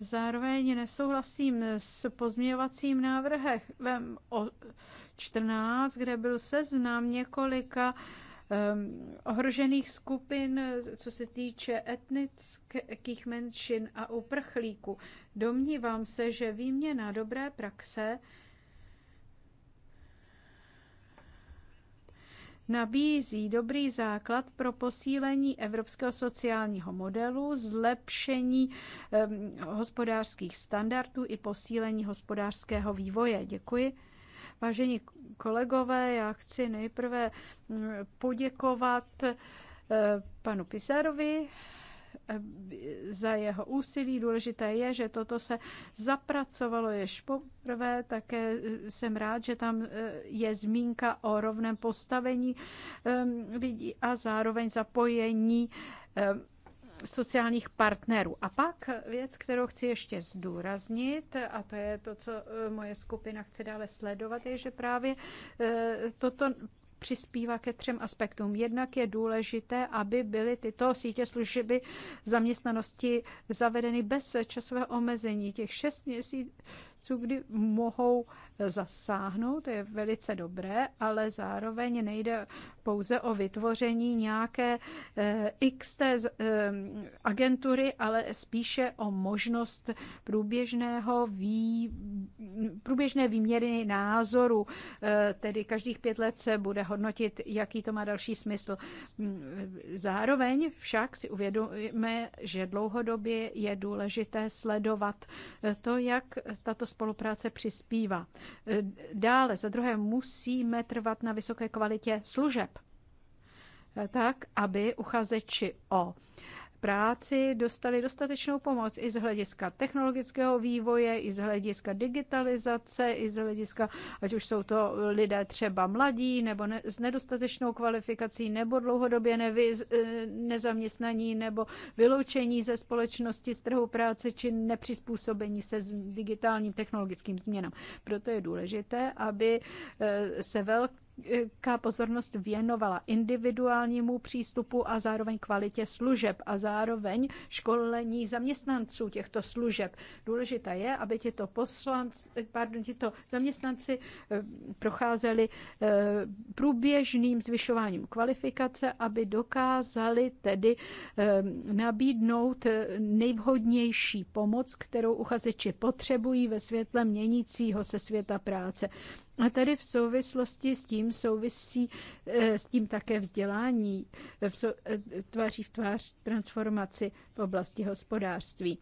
Speaker 3: zároveň nesouhlasím s pozměňovacím návrhem o 14, kde byl seznam několika uh, Ehm, ohrožených skupin, co se týče etnických menšin a uprchlíků. Domnívám se, že výměna dobré praxe nabízí dobrý základ pro posílení evropského sociálního modelu, zlepšení ehm, hospodářských standardů i posílení hospodářského vývoje. Děkuji. Vážení kolegové, já chci nejprve mm, poděkovat eh, panu Pisarovi eh, za jeho úsilí. Důležité je, že toto se zapracovalo jež poprvé. Také eh, jsem rád, že tam je zmínka o rovném postavení lidí a zároveň zapojení sociálních partnerů. A pak věc, kterou chci ještě zdůraznit, a to je to, co e, moje skupina chce dále sledovat, je, že právě e, toto přispívá ke třem aspektům. Jednak je důležité, aby byly tyto sítě služby zaměstnanosti zavedeny bez časového omezení. Těch šest měsíců zástupců, kdy mohou zasáhnout, je velice dobré, ale zároveň nejde pouze o vytvoření nějaké eh, X té eh, agentury, ale spíše o možnost průběžného vý, průběžné výměry názoru. Eh, tedy každých pět let se bude hodnotit, jaký to má další smysl. Mm, zároveň však si uvědomíme, že dlouhodobě je důležité sledovat to, jak tato spolupráce přispívá. E, dále, za druhé, musíme trvat na vysoké kvalitě služeb, e, tak aby uchazeči o práci dostali dostatečnou pomoc i z hlediska technologického vývoje, i z hlediska digitalizace, i z hlediska, ať už jsou to lidé třeba mladí, nebo ne, s nedostatečnou kvalifikací, nebo dlouhodobě nevy, e, nezaměstnaní, nebo vyloučení ze společnosti z trhu práce, či nepřizpůsobení se digitálním technologickým změnám. Proto je důležité, aby e, se velké velká pozornost věnovala individuálnímu přístupu a zároveň kvalitě služeb a zároveň školení zaměstnanců těchto služeb. Důležité je, aby tito, poslanci, pardon, tito zaměstnanci eh, procházeli eh, průběžným zvyšováním kvalifikace, aby dokázali tedy eh, nabídnout nejvhodnější pomoc, kterou uchazeči potřebují ve světle měnícího se světa práce. A tady v souvislosti s tím souvisí eh, s tím také vzdělání eh, v eh, tváří v tvář transformaci v oblasti hospodářství.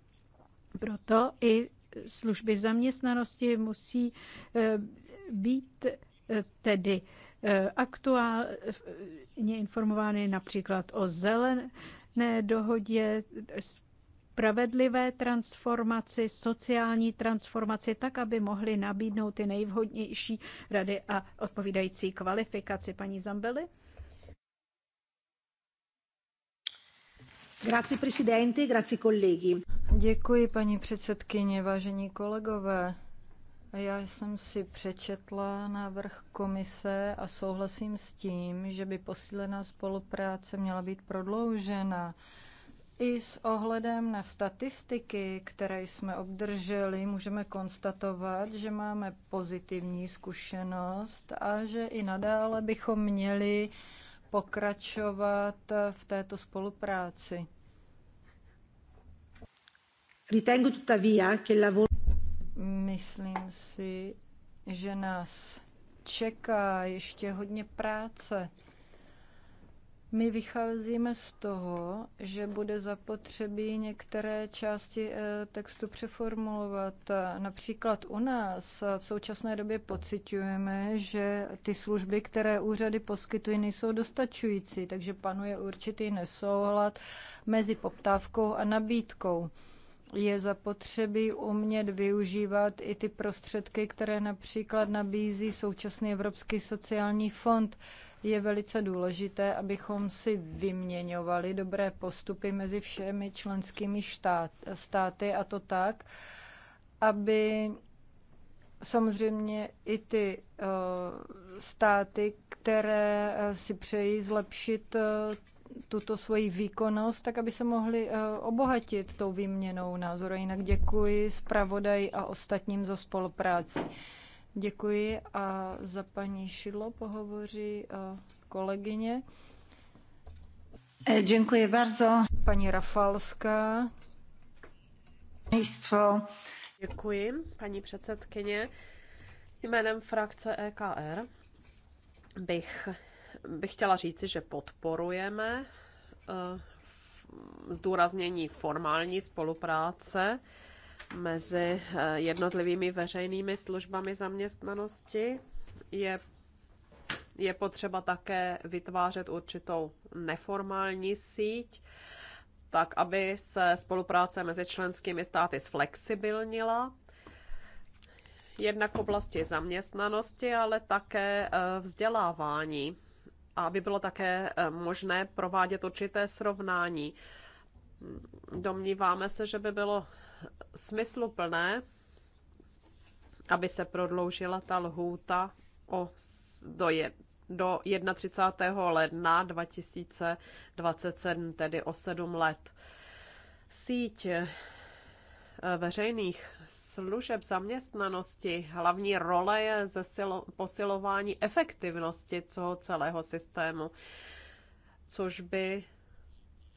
Speaker 3: Proto i služby zaměstnanosti musí být tedy aktuálně informovány například o zelené dohodě, spravedlivé transformaci, sociální transformaci, tak, aby mohli nabídnout ty nejvhodnější rady a odpovídající kvalifikaci. Paní Zambeli?
Speaker 2: Grazie presidente, grazie colleghi. Děkuji, paní předsedkyně, vážení kolegové. Já jsem si přečetla návrh komise a souhlasím s tím, že by posílená spolupráce měla být prodloužena. I s ohledem na statistiky, které jsme obdrželi, můžeme konstatovat, že máme pozitivní zkušenost a že i nadále bychom měli pokračovat v této spolupráci. Ritengo tuttavia che il lavoro... Myslím si, že nás čeká ještě hodně práce. My vycházíme z toho, že bude zapotřebí některé části eh, textu přeformulovat. Například u nás v současné době pocitujeme, že ty služby, které úřady poskytují, nejsou dostačující, takže panuje určitý nesouhlad mezi poptávkou a nabídkou je zapotřebí umět využívat i ty prostředky, které například nabízí současný Evropský sociální fond je velice důležité, abychom si vyměňovali dobré postupy mezi všemi členskými štát, státy a to tak, aby samozřejmě i ty eh, státy, které eh, si přejí zlepšit eh, tuto svoji výkonnost, tak aby se mohli obohatit tou výměnou názoru. Jinak děkuji zpravodaj a ostatním za spolupráci. Děkuji a za paní Šidlo pohovoří eh, kolegyně. Eh, děkuji bardzo. Paní Rafalská. Místvo.
Speaker 1: Děkuji, paní předsedkyně. Jménem frakce EKR bych, bych chtěla říci, že podporujeme eh, zdůraznění formální spolupráce mezi eh, jednotlivými veřejnými službami zaměstnanosti. Je, je potřeba také vytvářet určitou neformální síť, tak aby se spolupráce mezi členskými státy zflexibilnila jednak v oblasti zaměstnanosti, ale také eh, vzdělávání, aby bylo také eh, možné provádět určité srovnání. Domníváme se, že by bylo smysluplné, aby se prodloužila ta lhůta o, do, je, do 31. ledna 2027, tedy o 7 let. Síť eh, veřejných služeb zaměstnanosti hlavní role je zesilo, posilování efektivnosti toho celého systému, což by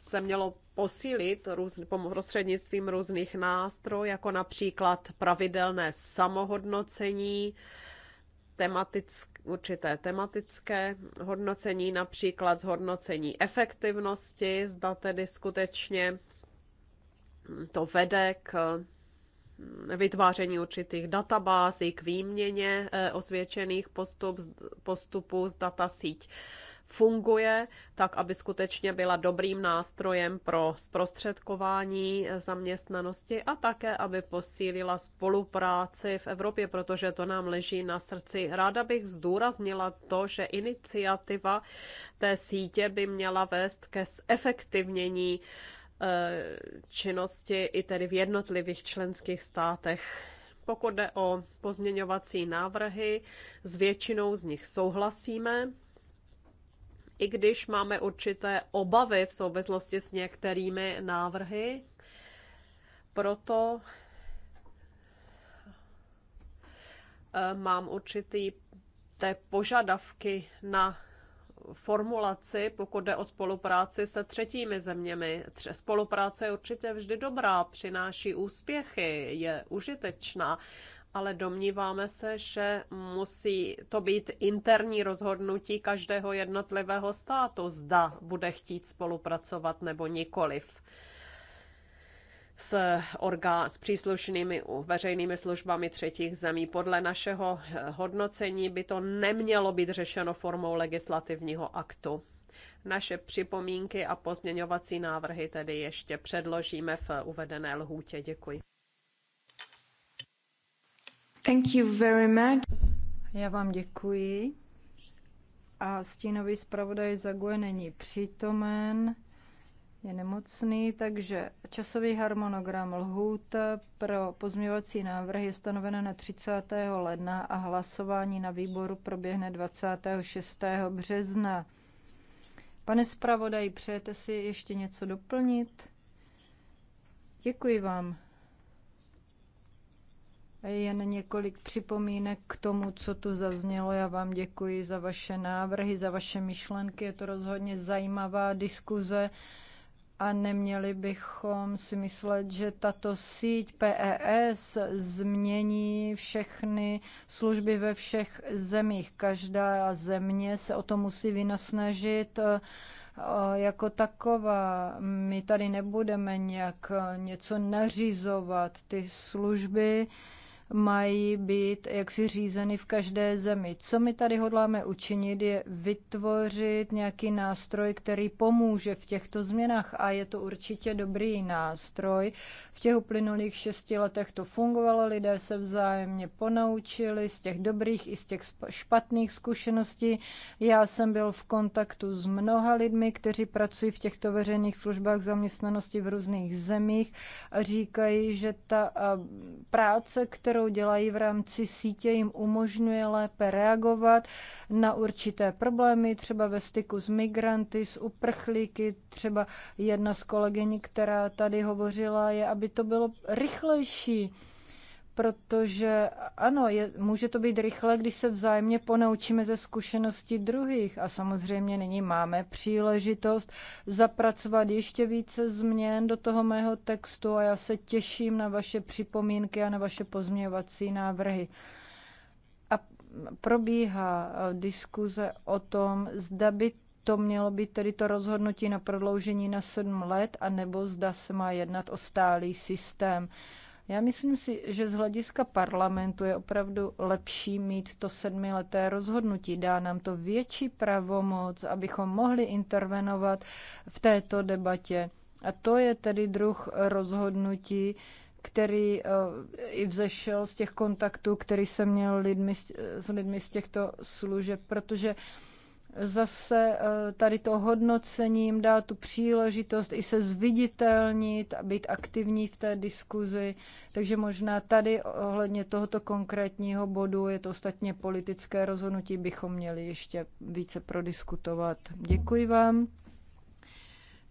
Speaker 1: se mělo posílit různ, prostřednictvím různých nástrojů, jako například pravidelné samohodnocení, tematick, určité tematické hodnocení, například zhodnocení efektivnosti, zda tedy skutečně to vede k hm, vytváření určitých databází, k výměně eh, osvědčených postup, postupů z datasíť funguje, tak aby skutečně byla dobrým nástrojem pro zprostředkování zaměstnanosti a také, aby posílila spolupráci v Evropě, protože to nám leží na srdci. Ráda bych zdůraznila to, že iniciativa té sítě by měla vést ke zefektivnění eh, činnosti i tedy v jednotlivých členských státech. Pokud jde o pozměňovací návrhy, s většinou z nich souhlasíme i když máme určité obavy v souvislosti s některými návrhy, proto eh, mám určitý té požadavky na formulaci, pokud jde o spolupráci se třetími zeměmi. Tře spolupráce je určitě vždy dobrá, přináší úspěchy, je užitečná, ale domníváme se, že musí to být interní rozhodnutí každého jednotlivého státu, zda bude chtít spolupracovat nebo nikoliv s, orgán, s příslušnými veřejnými službami třetích zemí. Podle našeho eh, hodnocení by to nemělo být řešeno formou legislativního aktu. Naše připomínky a pozměňovací návrhy tedy ještě předložíme v uvedené lhůtě. Děkuji.
Speaker 2: Thank you very much. Já vám děkuji. A stínový zpravodaj Zague není přítomen, je nemocný, takže časový harmonogram lhůt pro pozměvací návrhy je stanoven na 30. ledna a hlasování na výboru proběhne 26. března. Pane zpravodaj, přejete si ještě něco doplnit? Děkuji vám. Jen několik připomínek k tomu, co tu zaznělo. Já vám děkuji za vaše návrhy, za vaše myšlenky. Je to rozhodně zajímavá diskuze a neměli bychom si myslet, že tato síť PES změní všechny služby ve všech zemích. Každá země se o to musí vynasnažit eh, jako taková. My tady nebudeme nějak něco nařizovat. Ty služby mají být jaksi řízeny v každé zemi. Co my tady hodláme učinit, je vytvořit nějaký nástroj, který pomůže v těchto změnách a je to určitě dobrý nástroj. V těch uplynulých šesti letech to fungovalo, lidé se vzájemně ponaučili z těch dobrých i z těch špatných zkušeností. Já jsem byl v kontaktu s mnoha lidmi, kteří pracují v těchto veřejných službách zaměstnanosti v různých zemích a říkají, že ta práce, kterou kterou dělají v rámci sítě, jim umožňuje lépe reagovat na určité problémy, třeba ve styku s migranty, s uprchlíky. Třeba jedna z kolegyní, která tady hovořila, je, aby to bylo rychlejší protože ano, je, může to být rychle, když se vzájemně ponaučíme ze zkušeností druhých a samozřejmě nyní máme příležitost zapracovat ještě více změn do toho mého textu a já se těším na vaše připomínky a na vaše pozměňovací návrhy. A probíhá eh, diskuze o tom, zda by to mělo být tedy to rozhodnutí na prodloužení na sedm let, anebo zda se má jednat o stálý systém. Já myslím si, že z hlediska parlamentu je opravdu lepší mít to sedmileté rozhodnutí. Dá nám to větší pravomoc, abychom mohli intervenovat v této debatě. A to je tedy druh rozhodnutí, který eh, i vzešel z těch kontaktů, který jsem měl lidmi, s lidmi z těchto služeb, protože zase eh, tady to hodnocením dá tu příležitost i se zviditelnit a být aktivní v té diskuzi. Takže možná tady ohledně tohoto konkrétního bodu, je to ostatně politické rozhodnutí, bychom měli ještě více prodiskutovat. Děkuji vám.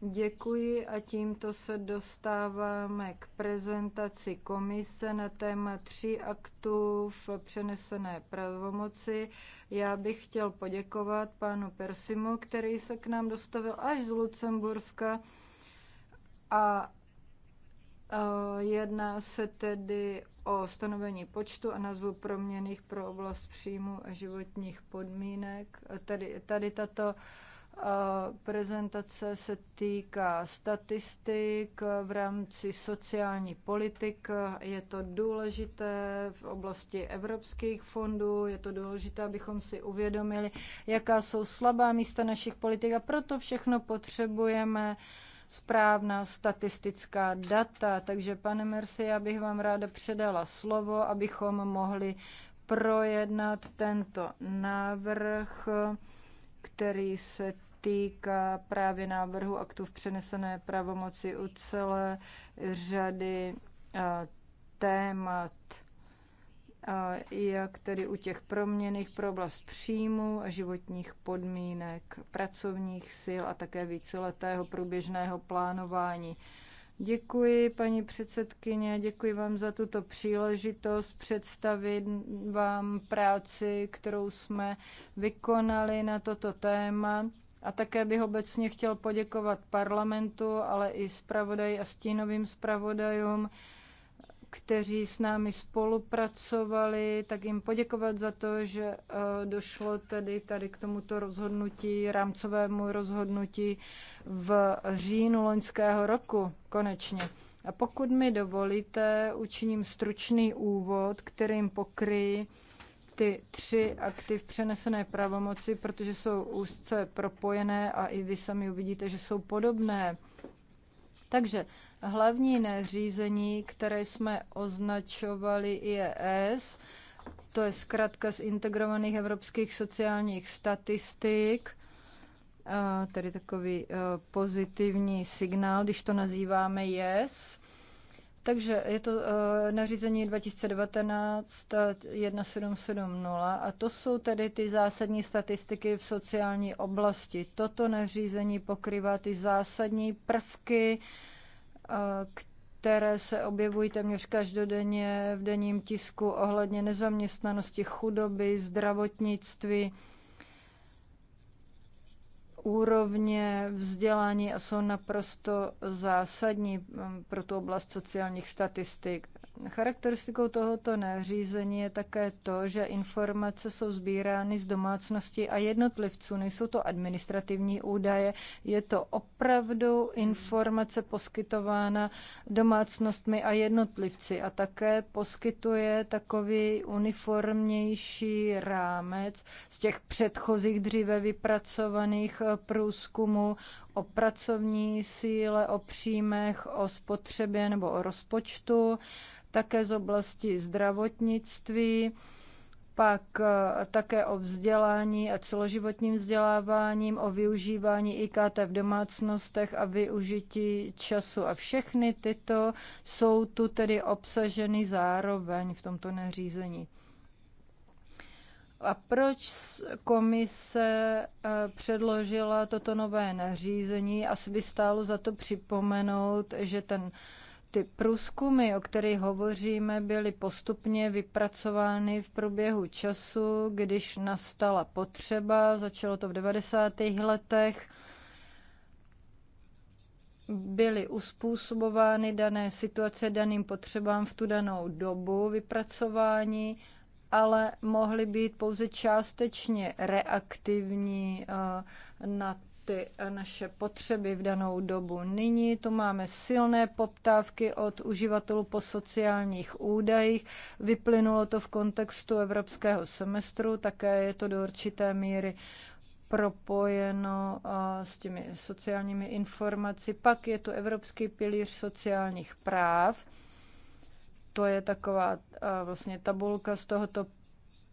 Speaker 2: Děkuji a tímto se dostáváme k prezentaci komise na téma tří aktů v přenesené pravomoci. Já bych chtěl poděkovat pánu Persimu, který se k nám dostavil až z Lucemburska a Jedná se tedy o stanovení počtu a názvu proměných pro oblast příjmu a životních podmínek. Tady, tady tato Prezentace se týká statistik v rámci sociální politik. Je to důležité v oblasti evropských fondů, je to důležité, abychom si uvědomili, jaká jsou slabá místa našich politik a proto všechno potřebujeme správná statistická data. Takže, pane Mersi, já bych vám ráda předala slovo, abychom mohli projednat tento návrh který se týká právě návrhu aktu v přenesené pravomoci u celé řady témat, jak tedy u těch proměných pro oblast příjmu a životních podmínek, pracovních sil a také víceletého průběžného plánování. Děkuji, paní předsedkyně, děkuji vám za tuto příležitost představit vám práci, kterou jsme vykonali na toto téma. A také bych obecně chtěl poděkovat parlamentu, ale i zpravodaj a stínovým zpravodajům kteří s námi spolupracovali, tak jim poděkovat za to, že eh, došlo tedy tady k tomuto rozhodnutí, rámcovému rozhodnutí v říjnu loňského roku konečně. A pokud mi dovolíte, učiním stručný úvod, kterým pokryjí ty tři aktiv přenesené pravomoci, protože jsou úzce propojené a i vy sami uvidíte, že jsou podobné. Takže Hlavní nařízení, které jsme označovali IES, to je zkrátka z integrovaných evropských sociálních statistik, tedy takový e, pozitivní signál, když to nazýváme JES. Takže je to e, nařízení 2019 1770 a to jsou tedy ty zásadní statistiky v sociální oblasti. Toto nařízení pokrývá ty zásadní prvky které se objevují téměř každodenně v denním tisku ohledně nezaměstnanosti, chudoby, zdravotnictví úrovně vzdělání a jsou naprosto zásadní mm, pro tu oblast sociálních statistik. Charakteristikou tohoto nařízení je také to, že informace jsou sbírány z domácností a jednotlivců. Nejsou to administrativní údaje, je to opravdu informace poskytována domácnostmi a jednotlivci a také poskytuje takový uniformnější rámec z těch předchozích dříve vypracovaných průzkumu o pracovní síle, o příjmech, o spotřebě nebo o rozpočtu, také z oblasti zdravotnictví, pak e, také o vzdělání a celoživotním vzděláváním, o využívání IKT v domácnostech a využití času. A všechny tyto jsou tu tedy obsaženy zároveň v tomto nařízení. A proč komise eh, předložila toto nové nařízení? Asi by stálo za to připomenout, že ten ty průzkumy, o kterých hovoříme, byly postupně vypracovány v průběhu času, když nastala potřeba, začalo to v 90. letech, byly uspůsobovány dané situace daným potřebám v tu danou dobu vypracování ale mohly být pouze částečně reaktivní eh, na ty eh, naše potřeby v danou dobu. Nyní tu máme silné poptávky od uživatelů po sociálních údajích. Vyplynulo to v kontextu evropského semestru, také je to do určité míry propojeno eh, s těmi sociálními informací. Pak je tu Evropský pilíř sociálních práv to je taková vlastně tabulka z tohoto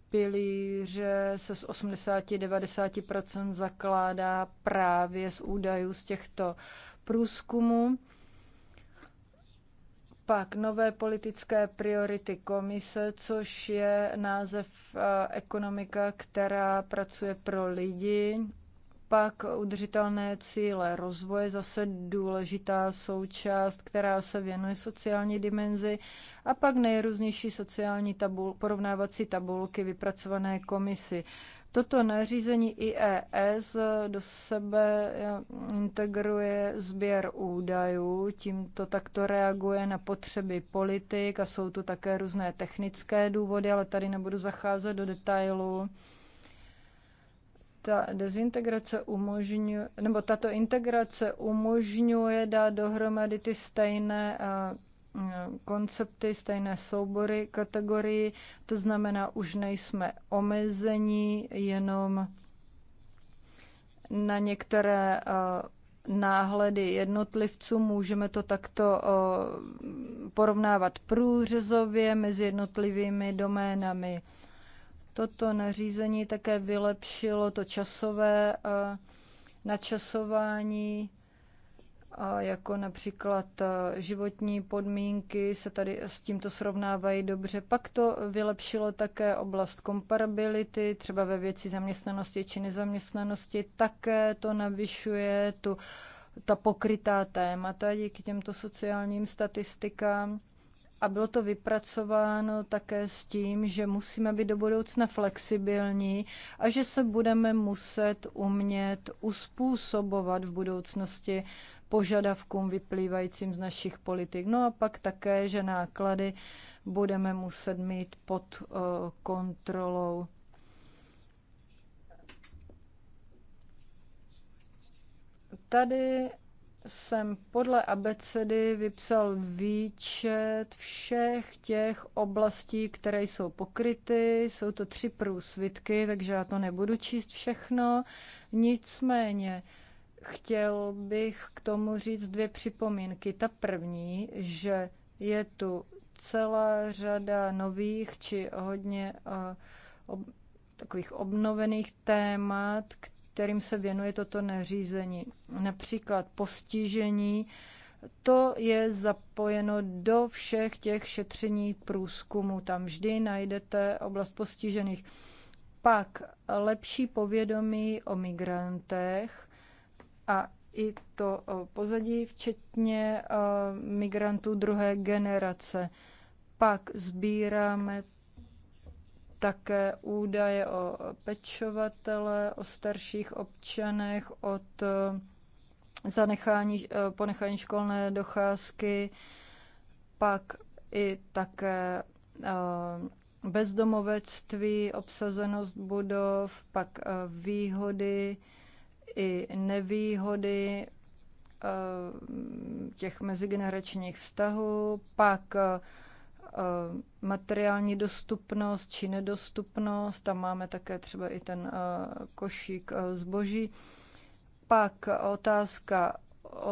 Speaker 2: pilíře se z 80-90% zakládá právě z údajů z těchto průzkumů. Pak nové politické priority komise, což je název ekonomika, která pracuje pro lidi pak udržitelné cíle rozvoje, zase důležitá součást, která se věnuje sociální dimenzi. A pak nejrůznější sociální tabul, porovnávací tabulky vypracované komisy. Toto nařízení IES do sebe eh, integruje sběr údajů, tímto takto reaguje na potřeby politik a jsou tu také různé technické důvody, ale tady nebudu zacházet do detailu ta dezintegrace umožňuje, nebo tato integrace umožňuje dát dohromady ty stejné koncepty, stejné soubory, kategorii, to znamená, už nejsme omezení jenom na některé náhledy jednotlivců, můžeme to takto porovnávat průřezově mezi jednotlivými doménami Toto nařízení také vylepšilo to časové eh, načasování, jako například eh, životní podmínky se tady s tímto srovnávají dobře. Pak to vylepšilo také oblast komparability, třeba ve věci zaměstnanosti či nezaměstnanosti. Také to navyšuje tu ta pokrytá témata díky těmto sociálním statistikám a bylo to vypracováno také s tím, že musíme být do budoucna flexibilní a že se budeme muset umět uspůsobovat v budoucnosti požadavkům vyplývajícím z našich politik. No a pak také, že náklady budeme muset mít pod eh, kontrolou. Tady jsem podle abecedy vypsal výčet všech těch oblastí, které jsou pokryty. Jsou to tři průsvitky, takže já to nebudu číst všechno. Nicméně chtěl bych k tomu říct dvě připomínky. Ta první, že je tu celá řada nových či hodně uh, ob, takových obnovených témat, které kterým se věnuje toto nařízení. Například postižení, to je zapojeno do všech těch šetření průzkumu. Tam vždy najdete oblast postižených. Pak lepší povědomí o migrantech a i to pozadí, včetně migrantů druhé generace. Pak sbíráme také údaje o pečovatele, o starších občanech, od eh, zanechání, eh, ponechání školné docházky, pak i také eh, bezdomovectví, obsazenost budov, pak výhody i nevýhody těch mezigeneračních vztahů, pak Eh, materiální dostupnost či nedostupnost. Tam máme také třeba i ten eh, košík eh, zboží. Pak otázka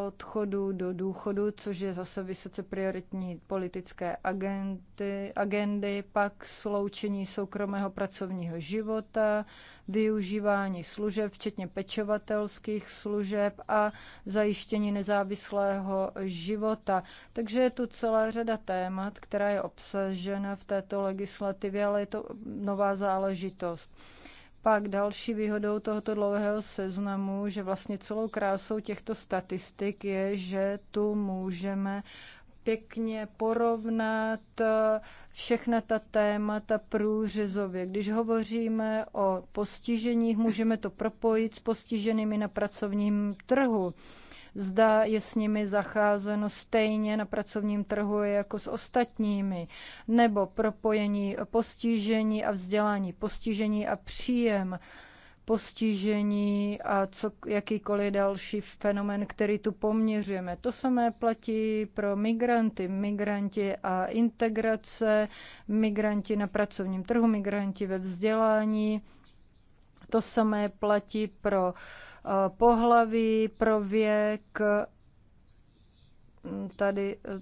Speaker 2: odchodu do důchodu, což je zase vysoce prioritní politické agenty, agendy, pak sloučení soukromého pracovního života, využívání služeb, včetně pečovatelských služeb a zajištění nezávislého života. Takže je tu celá řada témat, která je obsažena v této legislativě, ale je to nová záležitost. Pak další výhodou tohoto dlouhého seznamu, že vlastně celou krásou těchto statistik je, že tu můžeme pěkně porovnat eh, všechna ta témata průřezově. Když hovoříme o postiženích, můžeme to propojit s postiženými na pracovním trhu zda je s nimi zacházeno stejně na pracovním trhu jako s ostatními, nebo propojení postižení a vzdělání, postižení a příjem postižení a co, jakýkoliv další fenomen, který tu poměřujeme. To samé platí pro migranty. Migranti a integrace, migranti na pracovním trhu, migranti ve vzdělání to samé platí pro eh, pohlaví, pro věk. Tady eh,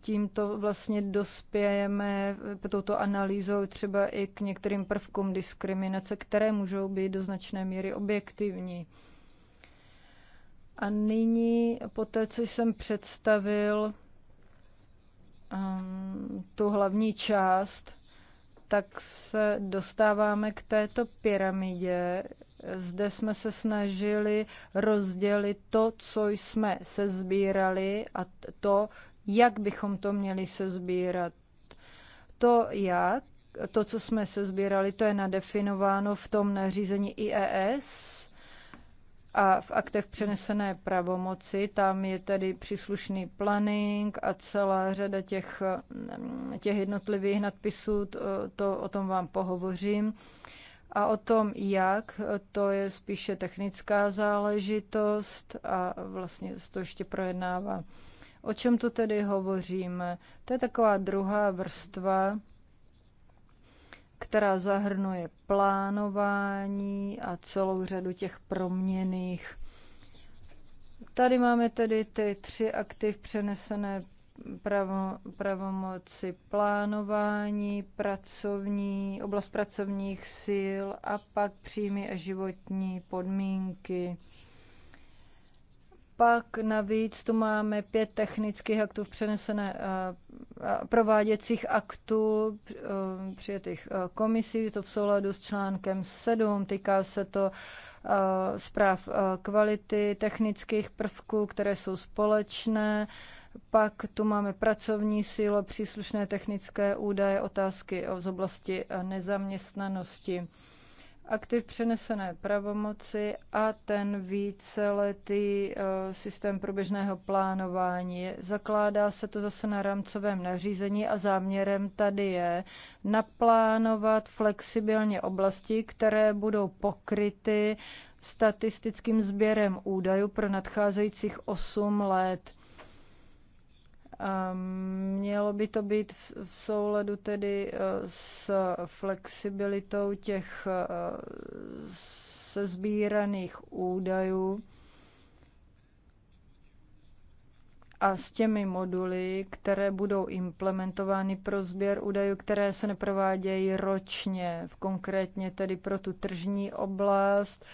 Speaker 2: tímto vlastně dospějeme eh, touto analýzou třeba i k některým prvkům diskriminace, které můžou být do značné míry objektivní. A nyní, po té, co jsem představil um, tu hlavní část, tak se dostáváme k této pyramidě. Zde jsme se snažili rozdělit to, co jsme sezbírali a to, jak bychom to měli sezbírat. To jak, to, co jsme sezbírali, to je nadefinováno v tom nařízení IES a v aktech přenesené pravomoci, tam je tedy příslušný planning a celá řada těch, mm, těch jednotlivých nadpisů, to, to, o tom vám pohovořím. A o tom, jak, to je spíše technická záležitost a vlastně to ještě projednává. O čem tu tedy hovoříme? To je taková druhá vrstva která zahrnuje plánování a celou řadu těch proměných. Tady máme tedy ty tři aktiv přenesené pravo, pravomoci plánování, pracovní, oblast pracovních sil a pak příjmy a životní podmínky. Pak navíc tu máme pět technických aktů přenesené prováděcích aktů e, přijetých e, komisí, to v souladu s článkem 7, týká se to e, zpráv kvality technických prvků, které jsou společné, pak tu máme pracovní sílo příslušné technické údaje, otázky z oblasti nezaměstnanosti aktiv přenesené pravomoci a ten víceletý eh, systém průběžného plánování. Zakládá se to zase na rámcovém nařízení a záměrem tady je naplánovat flexibilně oblasti, které budou pokryty statistickým sběrem údajů pro nadcházejících 8 let. Mělo by to být v souladu tedy e, s flexibilitou těch e, sezbíraných údajů a s těmi moduly, které budou implementovány pro sběr údajů, které se neprovádějí ročně, konkrétně tedy pro tu tržní oblast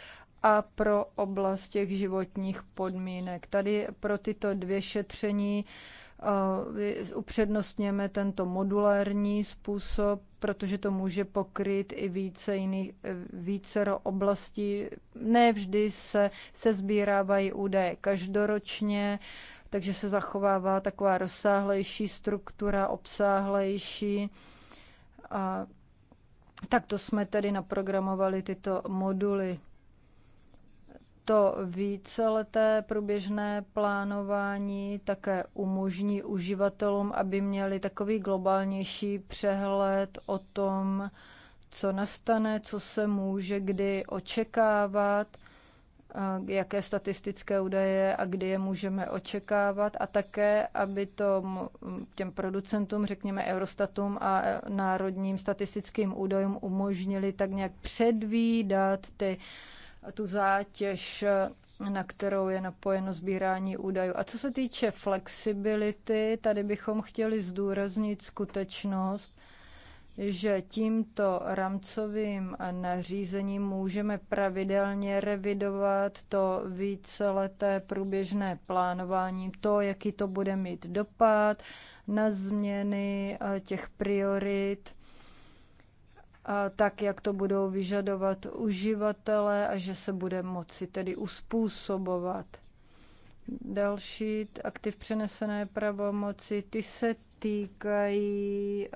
Speaker 2: a pro oblast těch životních podmínek. Tady pro tyto dvě šetření uh, upřednostněme tento modulární způsob, protože to může pokryt i více jiných, více oblastí. Ne vždy se, se sbírávají údaje každoročně, takže se zachovává taková rozsáhlejší struktura, obsáhlejší. A to jsme tedy naprogramovali tyto moduly to víceleté průběžné plánování také umožní uživatelům, aby měli takový globálnější přehled o tom, co nastane, co se může kdy očekávat, jaké statistické údaje a kdy je můžeme očekávat a také, aby to těm producentům, řekněme Eurostatům a národním statistickým údajům umožnili tak nějak předvídat ty uh, tu zátěž, na kterou je napojeno sbírání údajů. A co se týče flexibility, tady bychom chtěli zdůraznit skutečnost, že tímto rámcovým nařízením můžeme pravidelně revidovat to víceleté průběžné plánování, to, jaký to bude mít dopad na změny eh, těch priorit tak, jak to budou vyžadovat uživatelé a že se bude moci tedy uspůsobovat. Další aktiv přenesené pravomoci, ty se týkají e,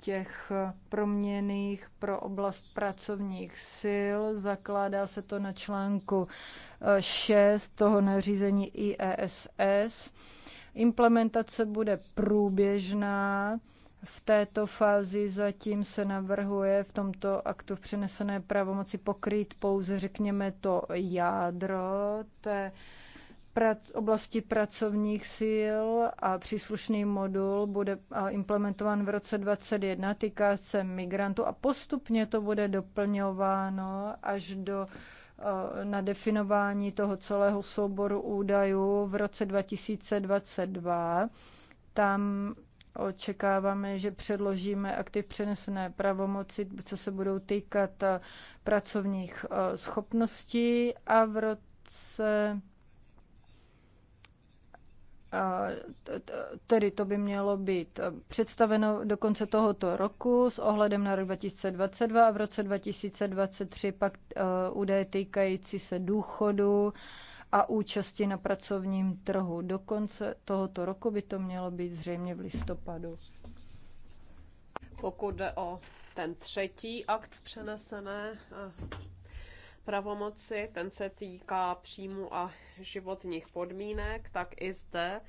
Speaker 2: těch proměných pro oblast pracovních sil. Zakládá se to na článku 6 e, toho nařízení IESS. Implementace bude průběžná v této fázi zatím se navrhuje v tomto aktu v přenesené pravomoci pokrýt pouze, řekněme, to jádro té oblasti pracovních sil a příslušný modul bude implementován v roce 2021, týká se migrantů a postupně to bude doplňováno až do eh, na definování toho celého souboru údajů v roce 2022. Tam Očekáváme, že předložíme aktiv přenesené pravomoci, co se budou týkat eh, pracovních eh, schopností a v roce eh, tedy to by mělo být představeno do konce tohoto roku s ohledem na rok 2022 a v roce 2023 pak údaje týkající se důchodu a účasti na pracovním trhu. Do konce tohoto roku by to mělo být zřejmě v listopadu.
Speaker 1: Pokud jde o ten třetí akt přenesené eh, pravomoci, ten se týká příjmu a životních podmínek, tak i zde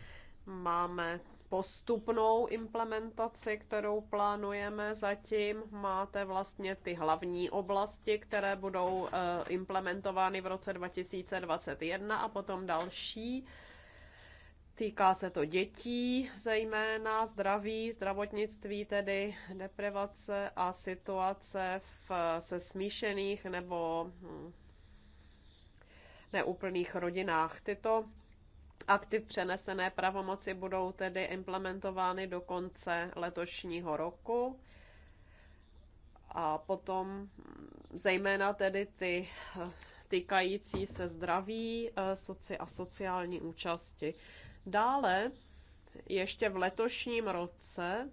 Speaker 1: máme postupnou implementaci, kterou plánujeme zatím. Máte vlastně ty hlavní oblasti, které budou eh, implementovány v roce 2021 a potom další. Týká se to dětí, zejména zdraví, zdravotnictví, tedy deprivace a situace v, se smíšených nebo hm, neúplných rodinách. Tyto aktiv přenesené pravomoci budou tedy implementovány do konce letošního roku a potom mm, zejména tedy ty eh, týkající se zdraví eh, a sociální účasti. Dále ještě v letošním roce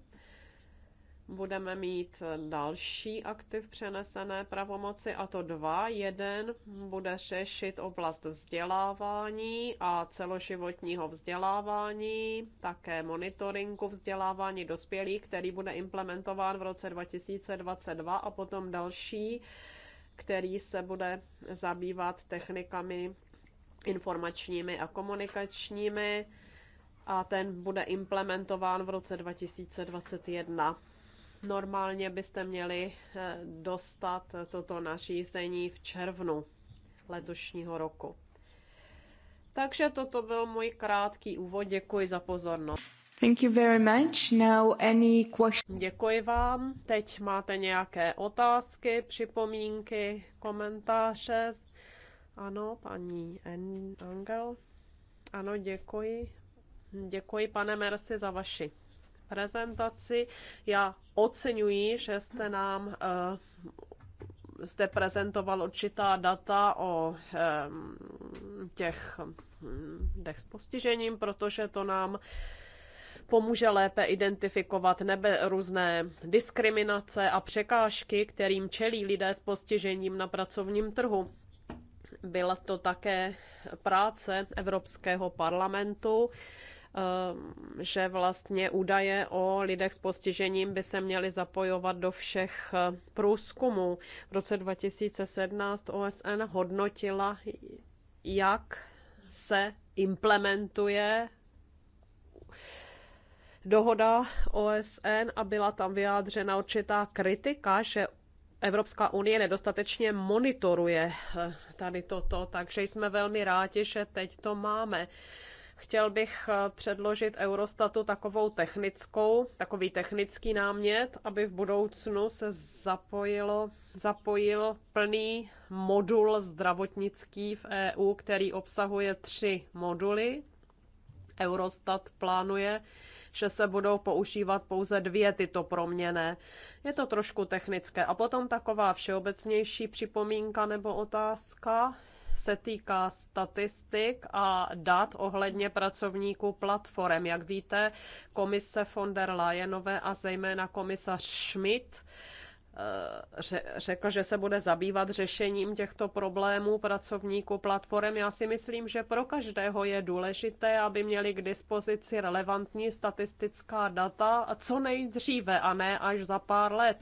Speaker 1: budeme mít další aktiv přenesené pravomoci, a to dva. Jeden bude řešit oblast vzdělávání a celoživotního vzdělávání, také monitoringu vzdělávání dospělých, který bude implementován v roce 2022 a potom další, který se bude zabývat technikami informačními a komunikačními a ten bude implementován v roce 2021 Normálně byste měli eh, dostat toto nařízení v červnu letošního roku. Takže toto byl můj krátký úvod. Děkuji za pozornost.
Speaker 2: Thank you very much. Now any question...
Speaker 1: Děkuji vám. Teď máte nějaké otázky, připomínky, komentáře? Ano, paní Angel. Ano, děkuji. Děkuji, pane Mersi, za vaši prezentaci. Já oceňuji, že jste nám zde eh, prezentoval určitá data o eh, těch hm, dech s postižením, protože to nám pomůže lépe identifikovat nebe různé diskriminace a překážky, kterým čelí lidé s postižením na pracovním trhu. Byla to také práce Evropského parlamentu, Ehm, že vlastně údaje o lidech s postižením by se měly zapojovat do všech eh, průzkumů. V roce 2017 OSN hodnotila, jak se implementuje dohoda OSN a byla tam vyjádřena určitá kritika, že Evropská unie nedostatečně monitoruje eh, tady toto, takže jsme velmi rádi, že teď to máme. Chtěl bych eh, předložit Eurostatu takovou technickou, takový technický námět, aby v budoucnu se zapojilo, zapojil plný modul zdravotnický v EU, který obsahuje tři moduly. Eurostat plánuje že se budou používat pouze dvě tyto proměny. Je to trošku technické. A potom taková všeobecnější připomínka nebo otázka se týká statistik a dat ohledně pracovníků platform. Jak víte, komise von der Leyenové a zejména komisař Schmidt eh, řekl, že se bude zabývat řešením těchto problémů pracovníků platform. Já si myslím, že pro každého je důležité, aby měli k dispozici relevantní statistická data co nejdříve a ne až za pár let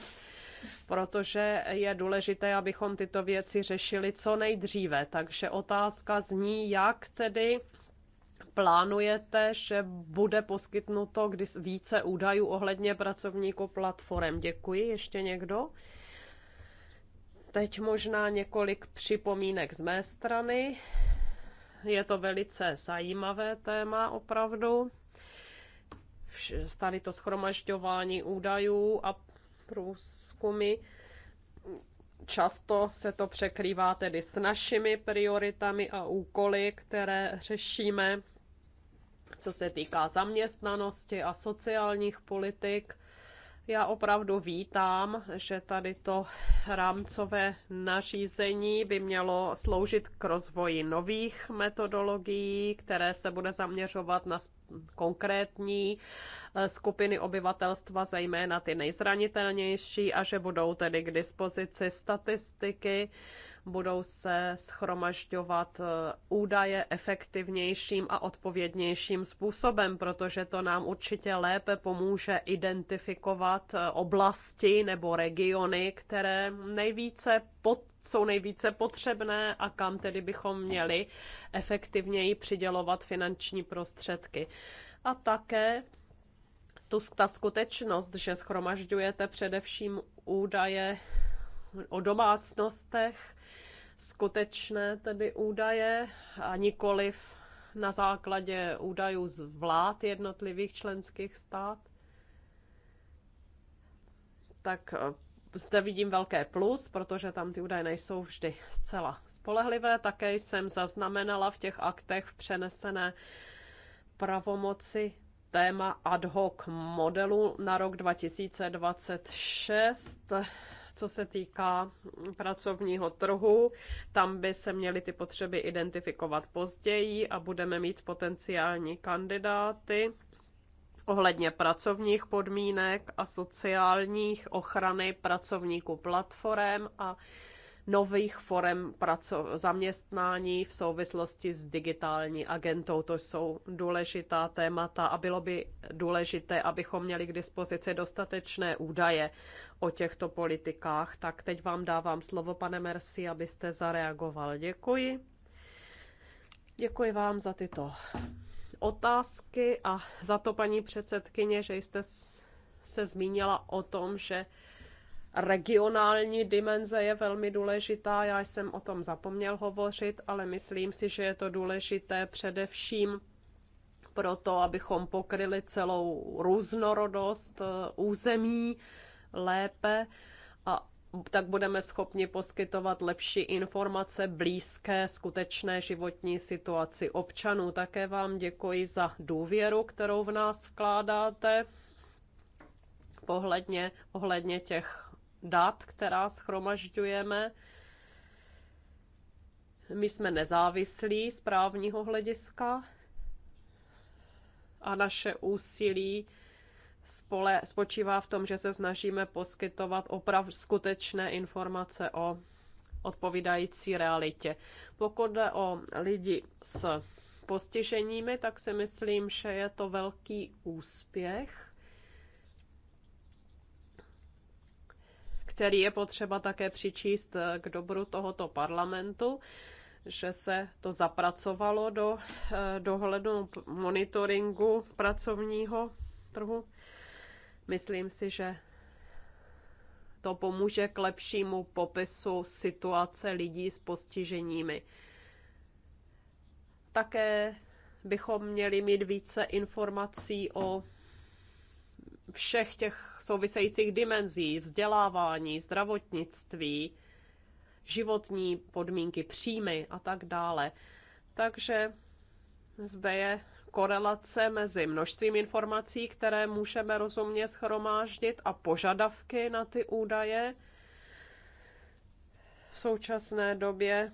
Speaker 1: protože je důležité, abychom tyto věci řešili co nejdříve. Takže otázka zní, jak tedy plánujete, že bude poskytnuto když více údajů ohledně pracovníků platform. Děkuji. Ještě někdo? Teď možná několik připomínek z mé strany. Je to velice zajímavé téma opravdu tady to schromažďování údajů a průzkumy. Často se to překrývá tedy s našimi prioritami a úkoly, které řešíme, co se týká zaměstnanosti a sociálních politik. Já opravdu vítám, že tady to rámcové nařízení by mělo sloužit k rozvoji nových metodologií, které se bude zaměřovat na konkrétní eh, skupiny obyvatelstva, zejména ty nejzranitelnější, a že budou tedy k dispozici statistiky, budou se schromažďovat eh, údaje efektivnějším a odpovědnějším způsobem, protože to nám určitě lépe pomůže identifikovat eh, oblasti nebo regiony, které nejvíce pod jsou nejvíce potřebné a kam tedy bychom měli efektivněji přidělovat finanční prostředky. A také tu, ta skutečnost, že schromažďujete především údaje o domácnostech, skutečné tedy údaje a nikoliv na základě údajů z vlád jednotlivých členských stát, tak e, zde vidím velké plus, protože tam ty údaje nejsou vždy zcela spolehlivé. Také jsem zaznamenala v těch aktech v přenesené pravomoci téma ad hoc modelu na rok 2026 co se týká pracovního trhu, tam by se měly ty potřeby identifikovat později a budeme mít potenciální kandidáty ohledně pracovních podmínek a sociálních ochrany pracovníků platform a nových forem praco- zaměstnání v souvislosti s digitální agentou. To jsou důležitá témata a bylo by důležité, abychom měli k dispozici dostatečné údaje o těchto politikách. Tak teď vám dávám slovo, pane Mersi, abyste zareagoval. Děkuji. Děkuji vám za tyto otázky a za to, paní předsedkyně, že jste se zmínila o tom, že regionální dimenze je velmi důležitá. Já jsem o tom zapomněl hovořit, ale myslím si, že je to důležité především proto, abychom pokryli celou různorodost eh, území lépe a tak budeme schopni poskytovat lepší informace blízké skutečné životní situaci občanů. Také vám děkuji za důvěru, kterou v nás vkládáte pohledně, ohledně těch dat, která schromažďujeme. My jsme nezávislí z právního hlediska a naše úsilí spole, spočívá v tom, že se snažíme poskytovat opravdu skutečné informace o odpovídající realitě. Pokud jde o lidi s postiženími, tak si myslím, že je to velký úspěch který je potřeba také přičíst eh, k dobru tohoto parlamentu, že se to zapracovalo do eh, dohledu monitoringu pracovního trhu. Myslím si, že to pomůže k lepšímu popisu situace lidí s postiženími. Také bychom měli mít více informací o všech těch souvisejících dimenzí, vzdělávání, zdravotnictví, životní podmínky, příjmy a tak dále. Takže zde je korelace mezi množstvím informací, které můžeme rozumně schromáždit a požadavky na ty údaje. V současné době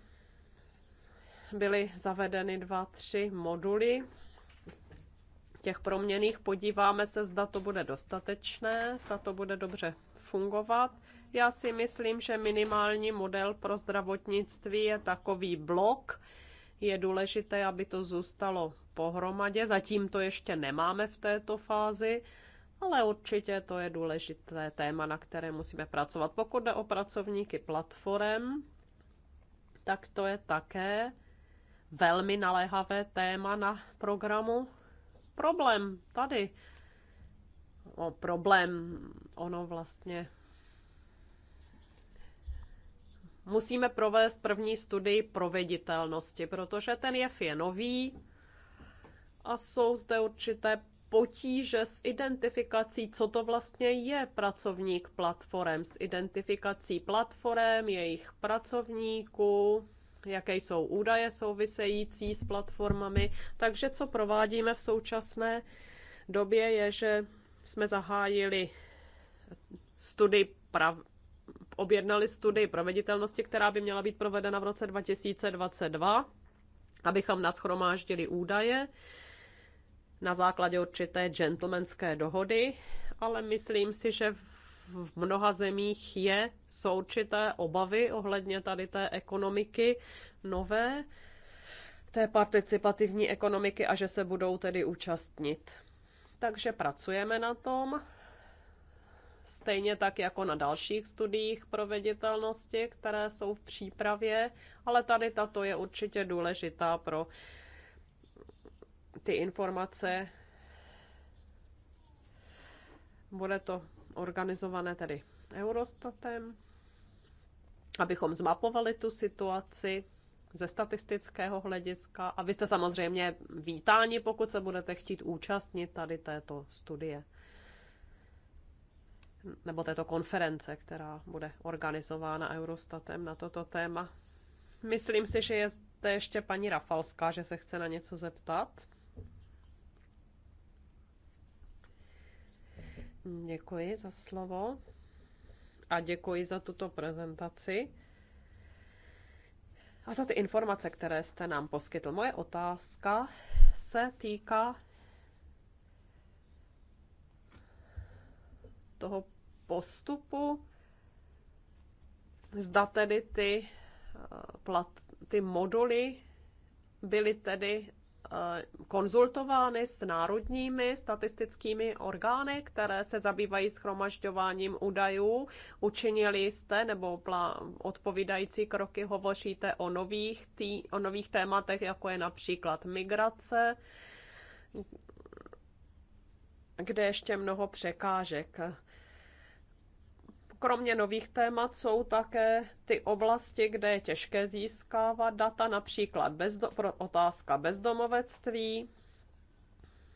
Speaker 1: byly zavedeny dva, tři moduly těch proměných. Podíváme se, zda to bude dostatečné, zda to bude dobře fungovat. Já si myslím, že minimální model pro zdravotnictví je takový blok. Je důležité, aby to zůstalo pohromadě. Zatím to ještě nemáme v této fázi, ale určitě to je důležité téma, na které musíme pracovat. Pokud jde o pracovníky platform, tak to je také velmi naléhavé téma na programu problém tady. O problém, ono vlastně musíme provést první studii proveditelnosti, protože ten jev je nový a jsou zde určité potíže s identifikací, co to vlastně je pracovník platform, s identifikací platform, jejich pracovníků, jaké jsou údaje související s platformami. Takže co provádíme v současné době je, že jsme zahájili studii prav, objednali studii proveditelnosti, která by měla být provedena v roce 2022, abychom nashromáždili údaje na základě určité gentlemanské dohody, ale myslím si, že v mnoha zemích je, jsou určité obavy ohledně tady té ekonomiky nové, té participativní ekonomiky a že se budou tedy účastnit. Takže pracujeme na tom, stejně tak jako na dalších studiích proveditelnosti, které jsou v přípravě, ale tady tato je určitě důležitá pro ty informace. Bude to organizované tedy Eurostatem, abychom zmapovali tu situaci ze statistického hlediska. A vy jste samozřejmě vítáni, pokud se budete chtít účastnit tady této studie nebo této konference, která bude organizována Eurostatem na toto téma. Myslím si, že je to ještě paní Rafalská, že se chce na něco zeptat. Děkuji za slovo a děkuji za tuto prezentaci a za ty informace, které jste nám poskytl. Moje otázka se týká toho postupu, zda tedy ty, eh, plat, ty moduly byly tedy Eh, konzultovány s národními statistickými orgány, které se zabývají schromažďováním údajů. Učinili jste nebo odpovídající kroky hovoříte o nových, tý, o nových tématech, jako je například migrace, kde ještě mnoho překážek. Kromě nových témat jsou také ty oblasti, kde je těžké získávat data, například bezdo- pro otázka bezdomovectví,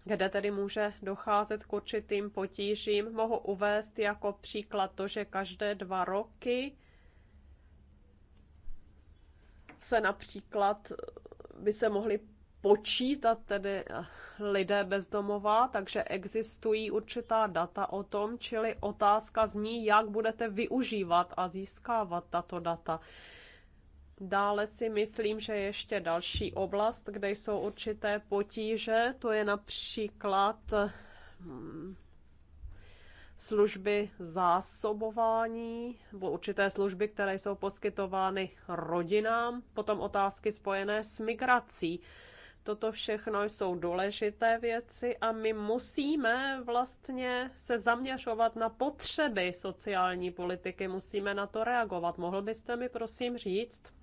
Speaker 1: kde tedy může docházet k určitým potížím. Mohu uvést jako příklad to, že každé dva roky se například by se mohly počítat tedy eh, lidé bezdomová, takže existují určitá data o tom, čili otázka zní, jak budete využívat a získávat tato data. Dále si myslím, že ještě další oblast, kde jsou určité potíže, to je například hm, služby zásobování, nebo určité služby, které jsou poskytovány rodinám, potom otázky spojené s migrací. Toto všechno jsou důležité věci a my musíme vlastně se zaměřovat na potřeby sociální politiky, musíme na to reagovat. Mohl byste mi prosím říct?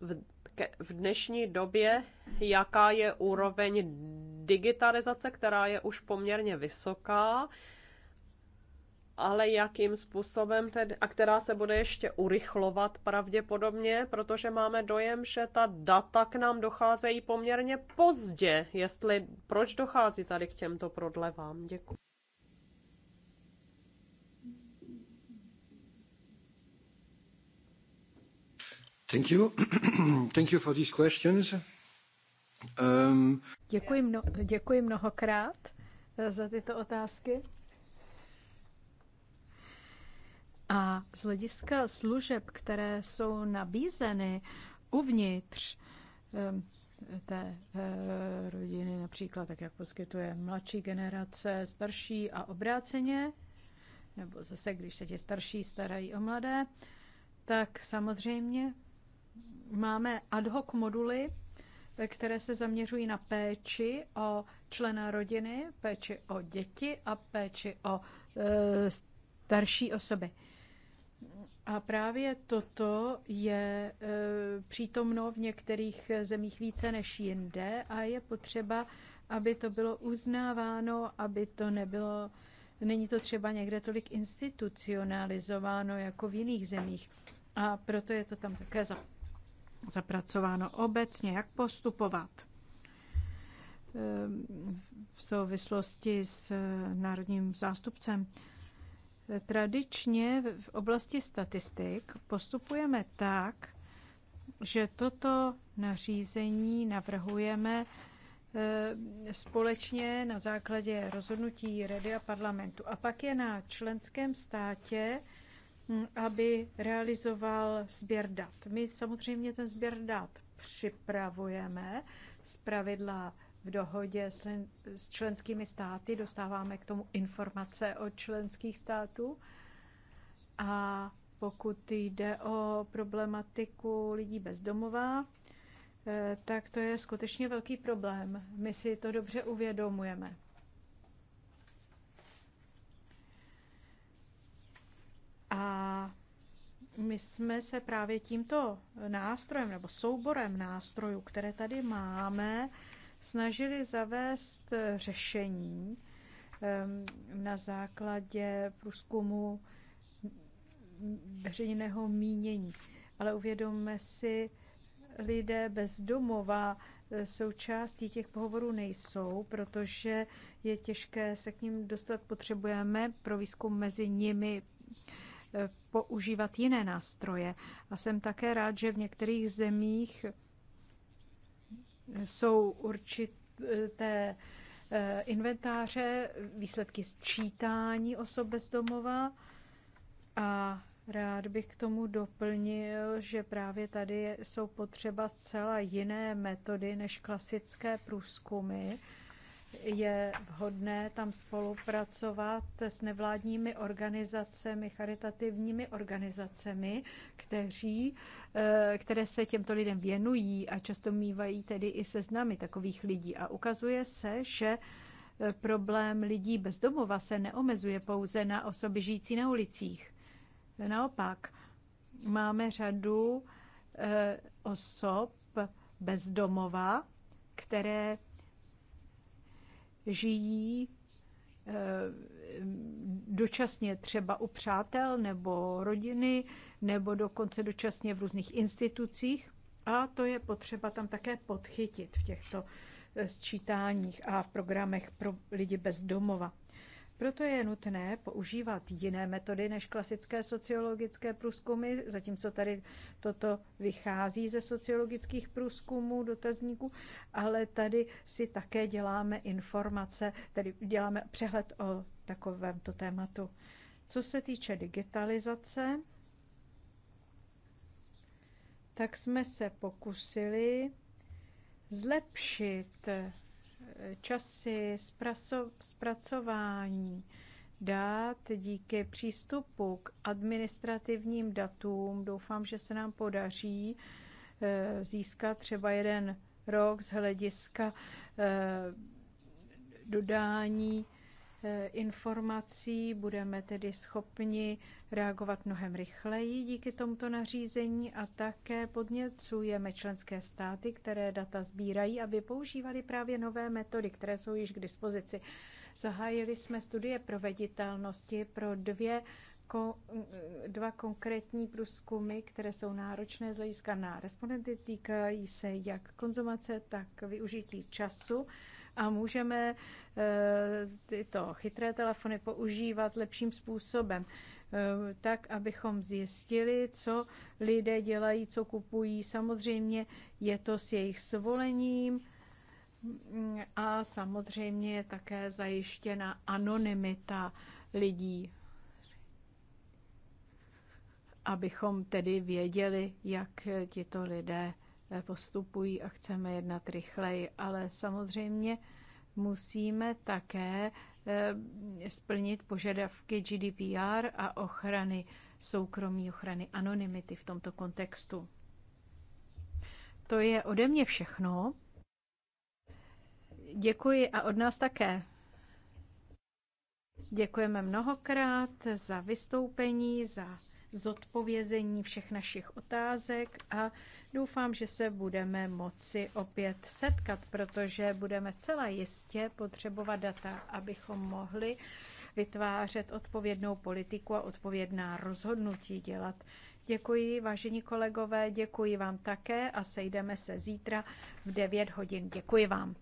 Speaker 1: V, ke, v dnešní době, jaká je úroveň digitalizace, která je už poměrně vysoká, ale jakým způsobem tedy, a která se bude ještě urychlovat pravděpodobně, protože máme dojem, že ta data k nám docházejí poměrně pozdě. Jestli, proč dochází tady k těmto prodlevám? Děkuji.
Speaker 2: Thank you. Thank you for these questions. Um...
Speaker 3: Děkuji, mno, děkuji mnohokrát eh, za tyto otázky. A z hlediska služeb, které jsou nabízeny uvnitř té eh, rodiny, například tak, jak poskytuje mladší generace, starší a obráceně, nebo zase, když se ti starší starají o mladé, tak samozřejmě máme ad hoc moduly, které se zaměřují na péči o člena rodiny, péči o děti a péči o eh, starší osoby. A právě toto je e, přítomno v některých zemích více než jinde a je potřeba, aby to bylo uznáváno, aby to nebylo, není to třeba někde tolik institucionalizováno jako v jiných zemích. A proto je to tam také zapracováno obecně, jak postupovat e, v souvislosti s e, národním zástupcem. Tradičně v oblasti statistik postupujeme tak, že toto nařízení navrhujeme eh, společně na základě rozhodnutí Rady a parlamentu. A pak je na členském státě, hm, aby realizoval sběr dat. My samozřejmě ten sběr dat připravujeme, pravidla v dohodě s, členskými státy, dostáváme k tomu informace od členských států. A pokud jde o problematiku lidí bezdomová, eh, tak to je skutečně velký problém. My si to dobře uvědomujeme. A my jsme se právě tímto nástrojem nebo souborem nástrojů, které tady máme, snažili zavést eh, řešení ehm, na základě průzkumu veřejného mínění. Ale uvědomme si, lidé bez domova eh, součástí těch pohovorů nejsou, protože je těžké se k ním dostat. Potřebujeme pro výzkum mezi nimi eh, používat jiné nástroje. A jsem také rád, že v některých zemích jsou určité eh, inventáře, výsledky sčítání osob bezdomova a rád bych k tomu doplnil, že právě tady jsou potřeba zcela jiné metody než klasické průzkumy, je vhodné tam spolupracovat s nevládními organizacemi, charitativními organizacemi, kteří, eh, které se těmto lidem věnují a často mývají tedy i seznamy takových lidí. A ukazuje se, že eh, problém lidí bez domova se neomezuje pouze na osoby žijící na ulicích. Naopak, máme řadu eh, osob bez domova, které žijí eh, dočasně třeba u přátel nebo rodiny, nebo dokonce dočasně v různých institucích. A to je potřeba tam také podchytit v těchto eh, sčítáních a v programech pro lidi bez domova. Proto je nutné používat jiné metody než klasické sociologické průzkumy, zatímco tady toto vychází ze sociologických průzkumů, dotazníků, ale tady si také děláme informace, tedy děláme přehled o takovémto tématu. Co se týče digitalizace, tak jsme se pokusili zlepšit časy zpracování dát díky přístupu k administrativním datům. Doufám, že se nám podaří eh, získat třeba jeden rok z hlediska eh, dodání Eh, informací, budeme tedy schopni reagovat mnohem rychleji díky tomuto nařízení a také podněcujeme členské státy, které data sbírají, aby používali právě nové metody, které jsou již k dispozici. Zahájili jsme studie proveditelnosti pro dvě dva konkrétní průzkumy, které jsou náročné z hlediska na respondenty, týkají se jak konzumace, tak využití času a můžeme eh, tyto chytré telefony používat lepším způsobem eh, tak, abychom zjistili, co lidé dělají, co kupují. Samozřejmě je to s jejich svolením mm, a samozřejmě je také zajištěna anonymita lidí, abychom tedy věděli, jak eh, tito lidé postupují a chceme jednat rychleji. Ale samozřejmě musíme také eh, splnit požadavky GDPR a ochrany soukromí, ochrany anonymity v tomto kontextu. To je ode mě všechno. Děkuji a od nás také. Děkujeme mnohokrát za vystoupení, za zodpovězení všech našich otázek a Doufám, že se budeme moci opět setkat, protože budeme zcela jistě potřebovat data, abychom mohli vytvářet odpovědnou politiku a odpovědná rozhodnutí dělat. Děkuji, vážení kolegové, děkuji vám také a sejdeme se zítra v 9 hodin. Děkuji vám.